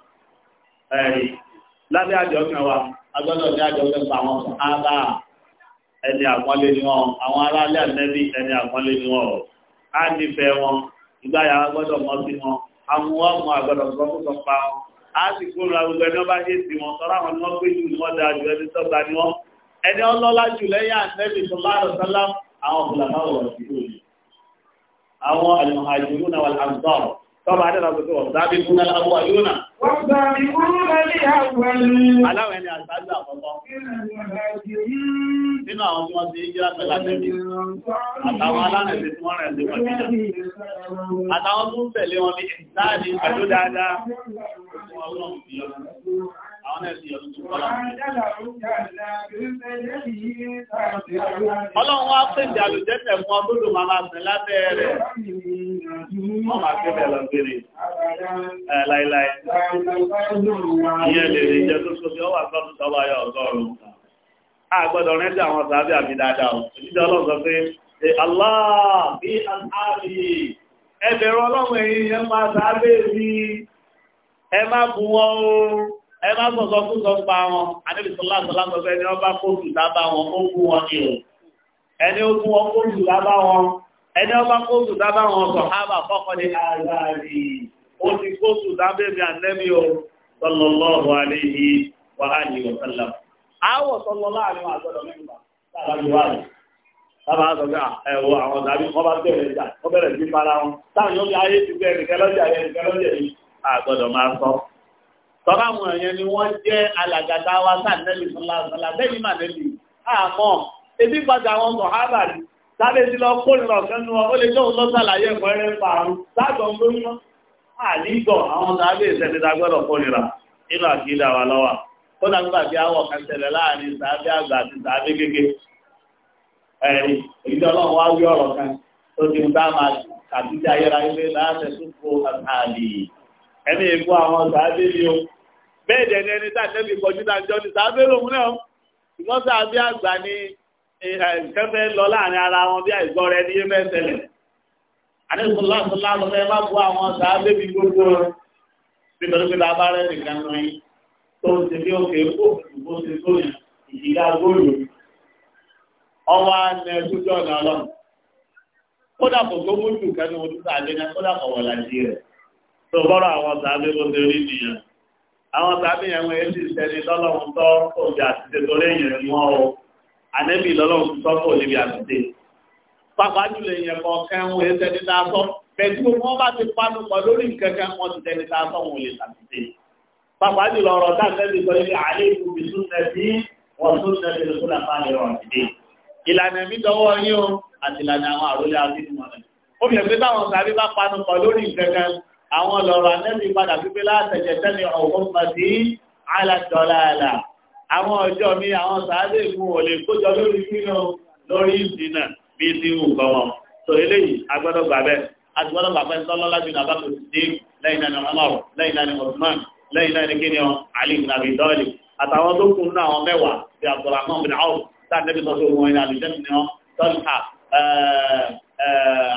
Speaker 1: ẹ̀rí lábẹ́ àjọkàn wa agbọ́dọ̀ ní àjọkàn pa àwọn ará ẹni àpọ́nlé ni wọn àwọn ará alẹ́ àtẹ́bí ẹni àpọ́nlé ni wọn á nífẹ̀ẹ́ wọn ìgbáyà agbọ́dọ̀ mọ́ sí wọn àwọn ọmọ àgbọ́dọ̀ sọ́kùsọ pa wọn á sì kúrò àgbègbè ẹni ọba ṣe sí wọn sọ́ra wọn ni wọ́n pé jù ní wọ́n da jù ẹni sọ́gba ni wọ́n ẹni ọlọ́lá jù lẹ́yìn àtẹ́bí tó bá rọ̀ sọ́lá àwọn ọ̀pọ̀lọpọ̀ ọ̀rọ̀ sí
Speaker 2: Aláwọ̀ ẹni àgbájá àkọ́kọ́. Nínú àwọn ọmọ ti yíra pẹ̀lá tẹ́lì. Àtàwọn alárẹ̀sí tí wọ́n rẹ̀ sí wọ́n jíjà. Àtàwọn tó ń tẹ̀lé wọn ní ìdáàdì pẹ̀lú dáadáa. Ọlọ́run fi yọ. Ọlọ́run wá pè ní
Speaker 1: àlùjẹ́tẹ̀ fún ọdúnlù máa máa bẹ̀ lábẹ́ rẹ̀.
Speaker 2: Wọ́n máa gbé bẹ̀ lọ bèèrè láìláì. Ìyẹn lè rí jẹ́
Speaker 1: tó sóbi ọwà gbọ́dún tọ́wà yọ ọgọ́rùn-ún. A gbọ́dọ̀ rẹ́ sí àwọn ọlọ́run Allah bí àmì ẹbẹ̀rọ ọlọ́run ẹ̀yìn yẹn máa sàábì ẹ má bú wọn o ẹ má sọ̀sọ̀ fún sọ pa wọn adébísọ́lá sọ́lá sọ fẹ́ ni wọ́n bá kóòtù lábá wọn ó kú wọn ni o ẹni ó kú wọn kóòtù lábá wọn ẹni ọba kóòtù lábá wọn sọ hábà fọ́kọ́ ní àgbàrí ó ti kóòtù lábẹ́ mi ànẹ́mí o sallallahu alayhi wa alihi wa sallam àwọ̀ sọlọ láàrin wa àgbọ̀dọ̀ mẹ́fà láàrin wa rẹ̀ lábà á sọ pé ẹ̀wọ̀ àwọn tàbí wọ́n bá bẹ̀rẹ̀ ìjà wọ́n bẹ̀rẹ̀ sí para wọn táwọn yóò fi ayé ti bẹ́ẹ̀ nìkan lọ́jà yẹn nìkan lọ́jà àgbọ̀dọ̀ tọ́lá àwọn èèyàn ni wọ́n jẹ́ alàgàtà wa sáàdẹ́lì sọ́lá lẹ́yìn màdẹ́lì àmọ́ ebi padà àwọn sọ̀hábà rí sáré sí lọ kórìíra ọ̀kẹ́nu wọn ó lè jọ́ òun lọ́sàlàyé ẹ̀kọ́rẹ́ parun sáàdọ̀ ń lóyún àlígọ̀ àwọn sáré ìṣẹ̀lẹ̀ dágbọ́dọ̀ kórìíra nínú àkílẹ̀ àwa lọ́wà ó dàgbà bí àwọ̀ kan ṣẹlẹ̀ láàrin sáré àgbà àti sáré gẹ́gẹ́ ẹ̀rí èyí ọlọ́run wá wí ọ̀rọ̀ kan tó ti ń dá máa kàbíjà ayérayé láti ṣùkú àtàlì ẹni ìmú àwọn sàábé ni o bẹ́ẹ̀ dẹ̀ ni ẹni tá àtẹ́bí kọjú dájọ́ ni sàábé lòun náà ṣùgbọ́n sàábé àgbà ni nǹkan lọ láàrin ara wọn bí àìgbọ́ rẹ ní yémẹ́ ṣẹlẹ̀ àdéhùn láti láàrú ẹ má bu àwọn sàábé mi gbogbo nítorí pé bàbá rẹ nìkan nù yín tó ń ṣe bí òkè kó bó ṣe tó yàn ìdílé agbóòlù ọwọ́ àna ẹ̀dújọ́ tó bọ́rọ̀ àwọn tàbí bó ṣe rí nìyẹn àwọn tàbí ẹ̀wọ̀n èyí sì ṣẹni lọ́lọ́run tọ́ kò bí àtìṣe tó léyìn wọn o ànẹ́bì lọ́lọ́run tọ́ kò níbi àtìṣe pàpà jùlọ èèyàn kan kẹ́hún èyí ṣẹni tá pẹ̀lú wọn bá ti panu pọ̀ lórí nǹkan kan wọn ti ṣẹni tá a sọ wọn ò lè ṣàtìṣe pàpà jùlọ ọ̀rọ̀ táǹtẹ́bì sọ ilé àlẹ́ ìkùnbí súnmẹ́sí wọ́n súnmẹ́sí lọ́kùnrin àpáàlẹ̀ rọ̀ ìlànà mi dọwọ́ yín o àti ìlànà àwọn àrólé panu pọ̀ lórí àwọn lọ́rọ̀ anẹ́bí padà wípé látẹ̀jẹ̀ tẹ́lẹ̀ ọ̀hún mọ̀tí aládọ́láàlà àwọn ọjọ́ mi àwọn sàádé ìfún ò lè kójọ lórí nínú lórí ìdínà bí i ti ń kọ́ wọn tó eléyìí agbọ́dọ̀ gbà bẹ́ẹ̀ agbọ́dọ̀ gbà bẹ́ẹ̀ sọ́lọ́ láti nà bá tó dé lẹ́yìn náà ni Umar lẹ́yìn náà ni Usman lẹ́yìn náà ni kí ọ Ali ibn Abi àtàwọn tó kún náà àwọn mẹ́wàá bí Abdulrahman bin sáà nẹ́bí sọ́sọ́ wọn ní àlùjẹ́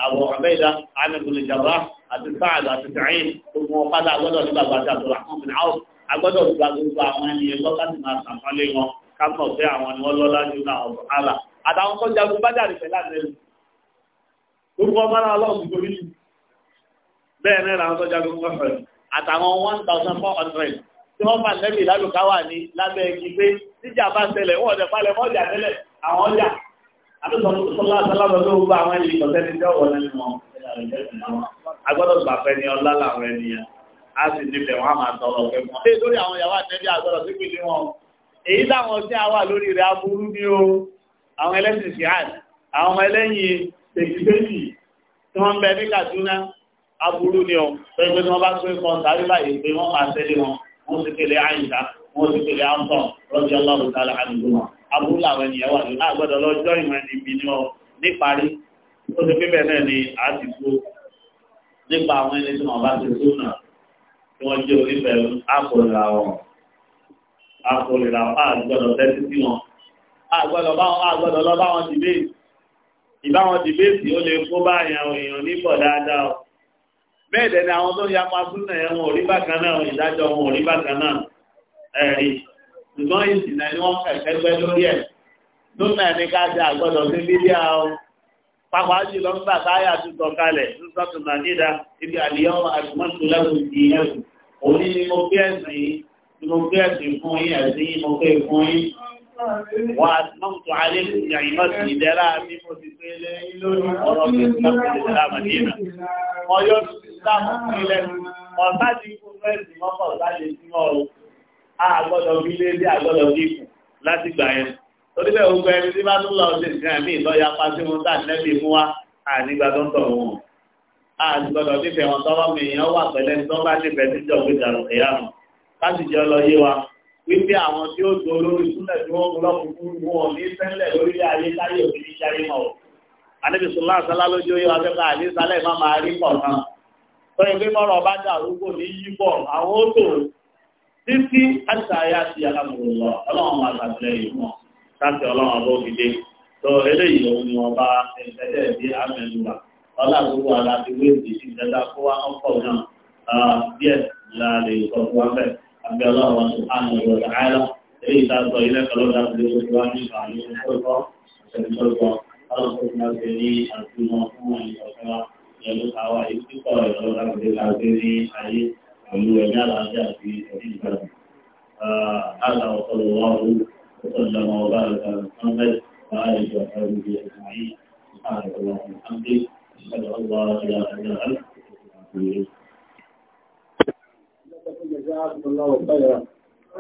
Speaker 1: Abu Ubayda Amir bin Jarrah àti Sa'ad àti Sa'id gbogbo wọn pátá agbọ́dọ̀ nígbà gbàtí Abdurrahman bin Awf agbọ́dọ̀ gba gbogbo àwọn ẹni ẹgbọ́ láti máa sàmọ́lé wọn ká mọ̀ pé àwọn ni wọ́n lọ́lá jù náà ọ̀bọ̀ àlà àtàwọn tó jagun bá jáde pẹ̀lú àtẹ́lù gbogbo ọmọ náà lọ́wọ́ gbogbo nínú bẹ́ẹ̀ náà làwọn tó jagun bá pẹ̀lú àtàwọn one thousand four hundred tí wọ́n fà lẹ́bi ìlálùkáwà ní lábẹ́ igi pé bá ṣẹlẹ̀ wọ́n ọ̀dẹ̀ palẹ̀ mọ́jà tẹ́lẹ̀ àwọn ọjà àtúntọ́lá àtàlábọ̀ tó gbà àwọn ìlú ìkọ̀tẹ́ ní jẹ́ ọ̀wọ̀ nínú wọn agbọ́dọ̀ gbà pẹ́ ní ọlá làwọn ènìyàn á sì nílẹ̀ wọn á máa tọrọ ọ̀fẹ́ fún wọn. lórí àwọn ìyàwó àtẹ́bí àgbọ̀dọ̀ sí pìlì wọn èyí táwọn tí a wà lórí rẹ̀ aburú ní o àwọn ẹlẹ́sìn ṣíhàn àwọn ẹlẹ́yìn ni o pé pé bá pé kan sáré báyìí pé wọ́n máa tẹ́lé wọn wọ́n ti tẹ̀lé àyíká wọ́n ti tẹ̀lé àǹtọ̀ rọ́bì ọlọ́run tààlà àdúgbò wọn abúlé àwọn ènìyàn wà lónìí àgbọ́dọ̀ lọ́jọ́ ìmọ̀ ẹni bí ní ọ níparí ó ti pé bẹ́ẹ̀ náà ni a ti kú nípa àwọn ẹni tí wọ́n bá ti tó náà tí wọ́n jẹ́ onífẹ̀ẹ́ àkọlẹ̀ àwọn àkọlẹ̀ àwọn àgbọ́dọ̀ tẹ́tí sí wọn àgbọ́dọ̀ bá wọn àgbọ́dọ̀ lọ bá wọn dìbéètì ìbá wọn dìbéètì ó lè kó bá àyàn ni àwọn tó yapa súnà ẹ̀wọ̀n òrí bákan náà ìdájọ́ wọn òrí bákan náà ẹ̀rí ṣùgbọ́n ìsìnà ni wọ́n fẹ̀fẹ́ gbẹ́ lórí ẹ̀ lónà ní ká ṣe àgbọ̀dọ̀ sí bíbíà o pàpà jù lọ nígbà táyà tún sọ kalẹ̀ tún sọ tún nàìjíríà ibi àlìyàn àtúmọ̀tò lẹ́kùn ti ẹ̀sùn òní ni mo fi ẹ̀sìn yìí ni mo fi ẹ̀sìn fún yín ẹ̀sìn yìí mo fi fún yín wà àtúmọ̀tò alẹ́ kù ní àyìnbó sì dẹ́ra bí mo ti fẹ́ lé lórí ọ̀rọ̀ mi ní ọ̀pọ̀lọpọ̀ àmàdínà ọyọ́ ti sáà mọ̀ sí ilẹ̀ ọ̀sá ti kú fẹ́ẹ̀sì mọ́kọ̀ àgbọ́dọ̀ bí léde àgbọ́dọ̀ bí kù láti gbà yẹn torí bẹ́ẹ̀ gbogbo ẹni tí bá tún lọ sí ìsìn àmì ìlọ́ya pàṣẹ wọn tá nẹ́bí mú wa ànígbà tó ń tọ̀ wọn àgbọ́dọ̀ nífẹ̀ẹ́ wọn tọ́wọ́ mi èèyàn wà pẹ̀lẹ́ tó bá nífẹ̀ẹ́ tí jọ gbéjà lọ ẹ̀yà mọ̀ láti jẹ́ lọ yé wa wípé àwọn tí ó do lórí súnlẹ̀ tí wọ́n lọ́kùnkún wọn ní sẹ́ńlẹ̀ lórí ayé láyé òbí ní jáyé mọ̀ ọ́ àníbi sùnlá àsálá lójú yé wa fẹ́fẹ́ àní sálẹ̀ má máa rí pọ̀ náà tó ìgbé mọ́rọ̀ bá dà rúgbò ní yíbọ̀ àwọn ó tòrò títí àtàyà sí alámùrùlọ ọlọ́run àgbàgbẹ́ yìí mọ̀ láti ọlọ́run ọlọ́run òdìdé tó eléyìí òun ni wọn bá ẹgbẹ́ bí amẹ́lúwa ọlọ́run aláti wéèdì ìdẹ́dá kó wá ọkọ̀ náà díẹ̀ láàrin ìtọ́jú wa bẹ́ẹ̀ àbí ọlọ́run àti ọ̀rọ̀ àìlá èyí ìtàkùn ilé kọlọ́ láti lè wọ́n wá ní ìbàlẹ̀ ìṣòkò ìṣòkò ọlọ́run tó ti ní àtúnmọ̀ pẹ̀lú ẹ̀dá àlàáfíà àti ẹ̀dí ìgbàlẹ̀. Àlà ọ̀sọ̀rọ̀ wa ó ọ̀sọ̀rọ̀ ọmọ ọba àgbà Mohammed bá ìjọ ẹ̀rù bí ẹ̀sìn ayé nípa àgbà Mohammed ìṣẹ̀lẹ̀ ọgbà ìyá ẹ̀yà ẹ̀rù. جزاكم الله خيرا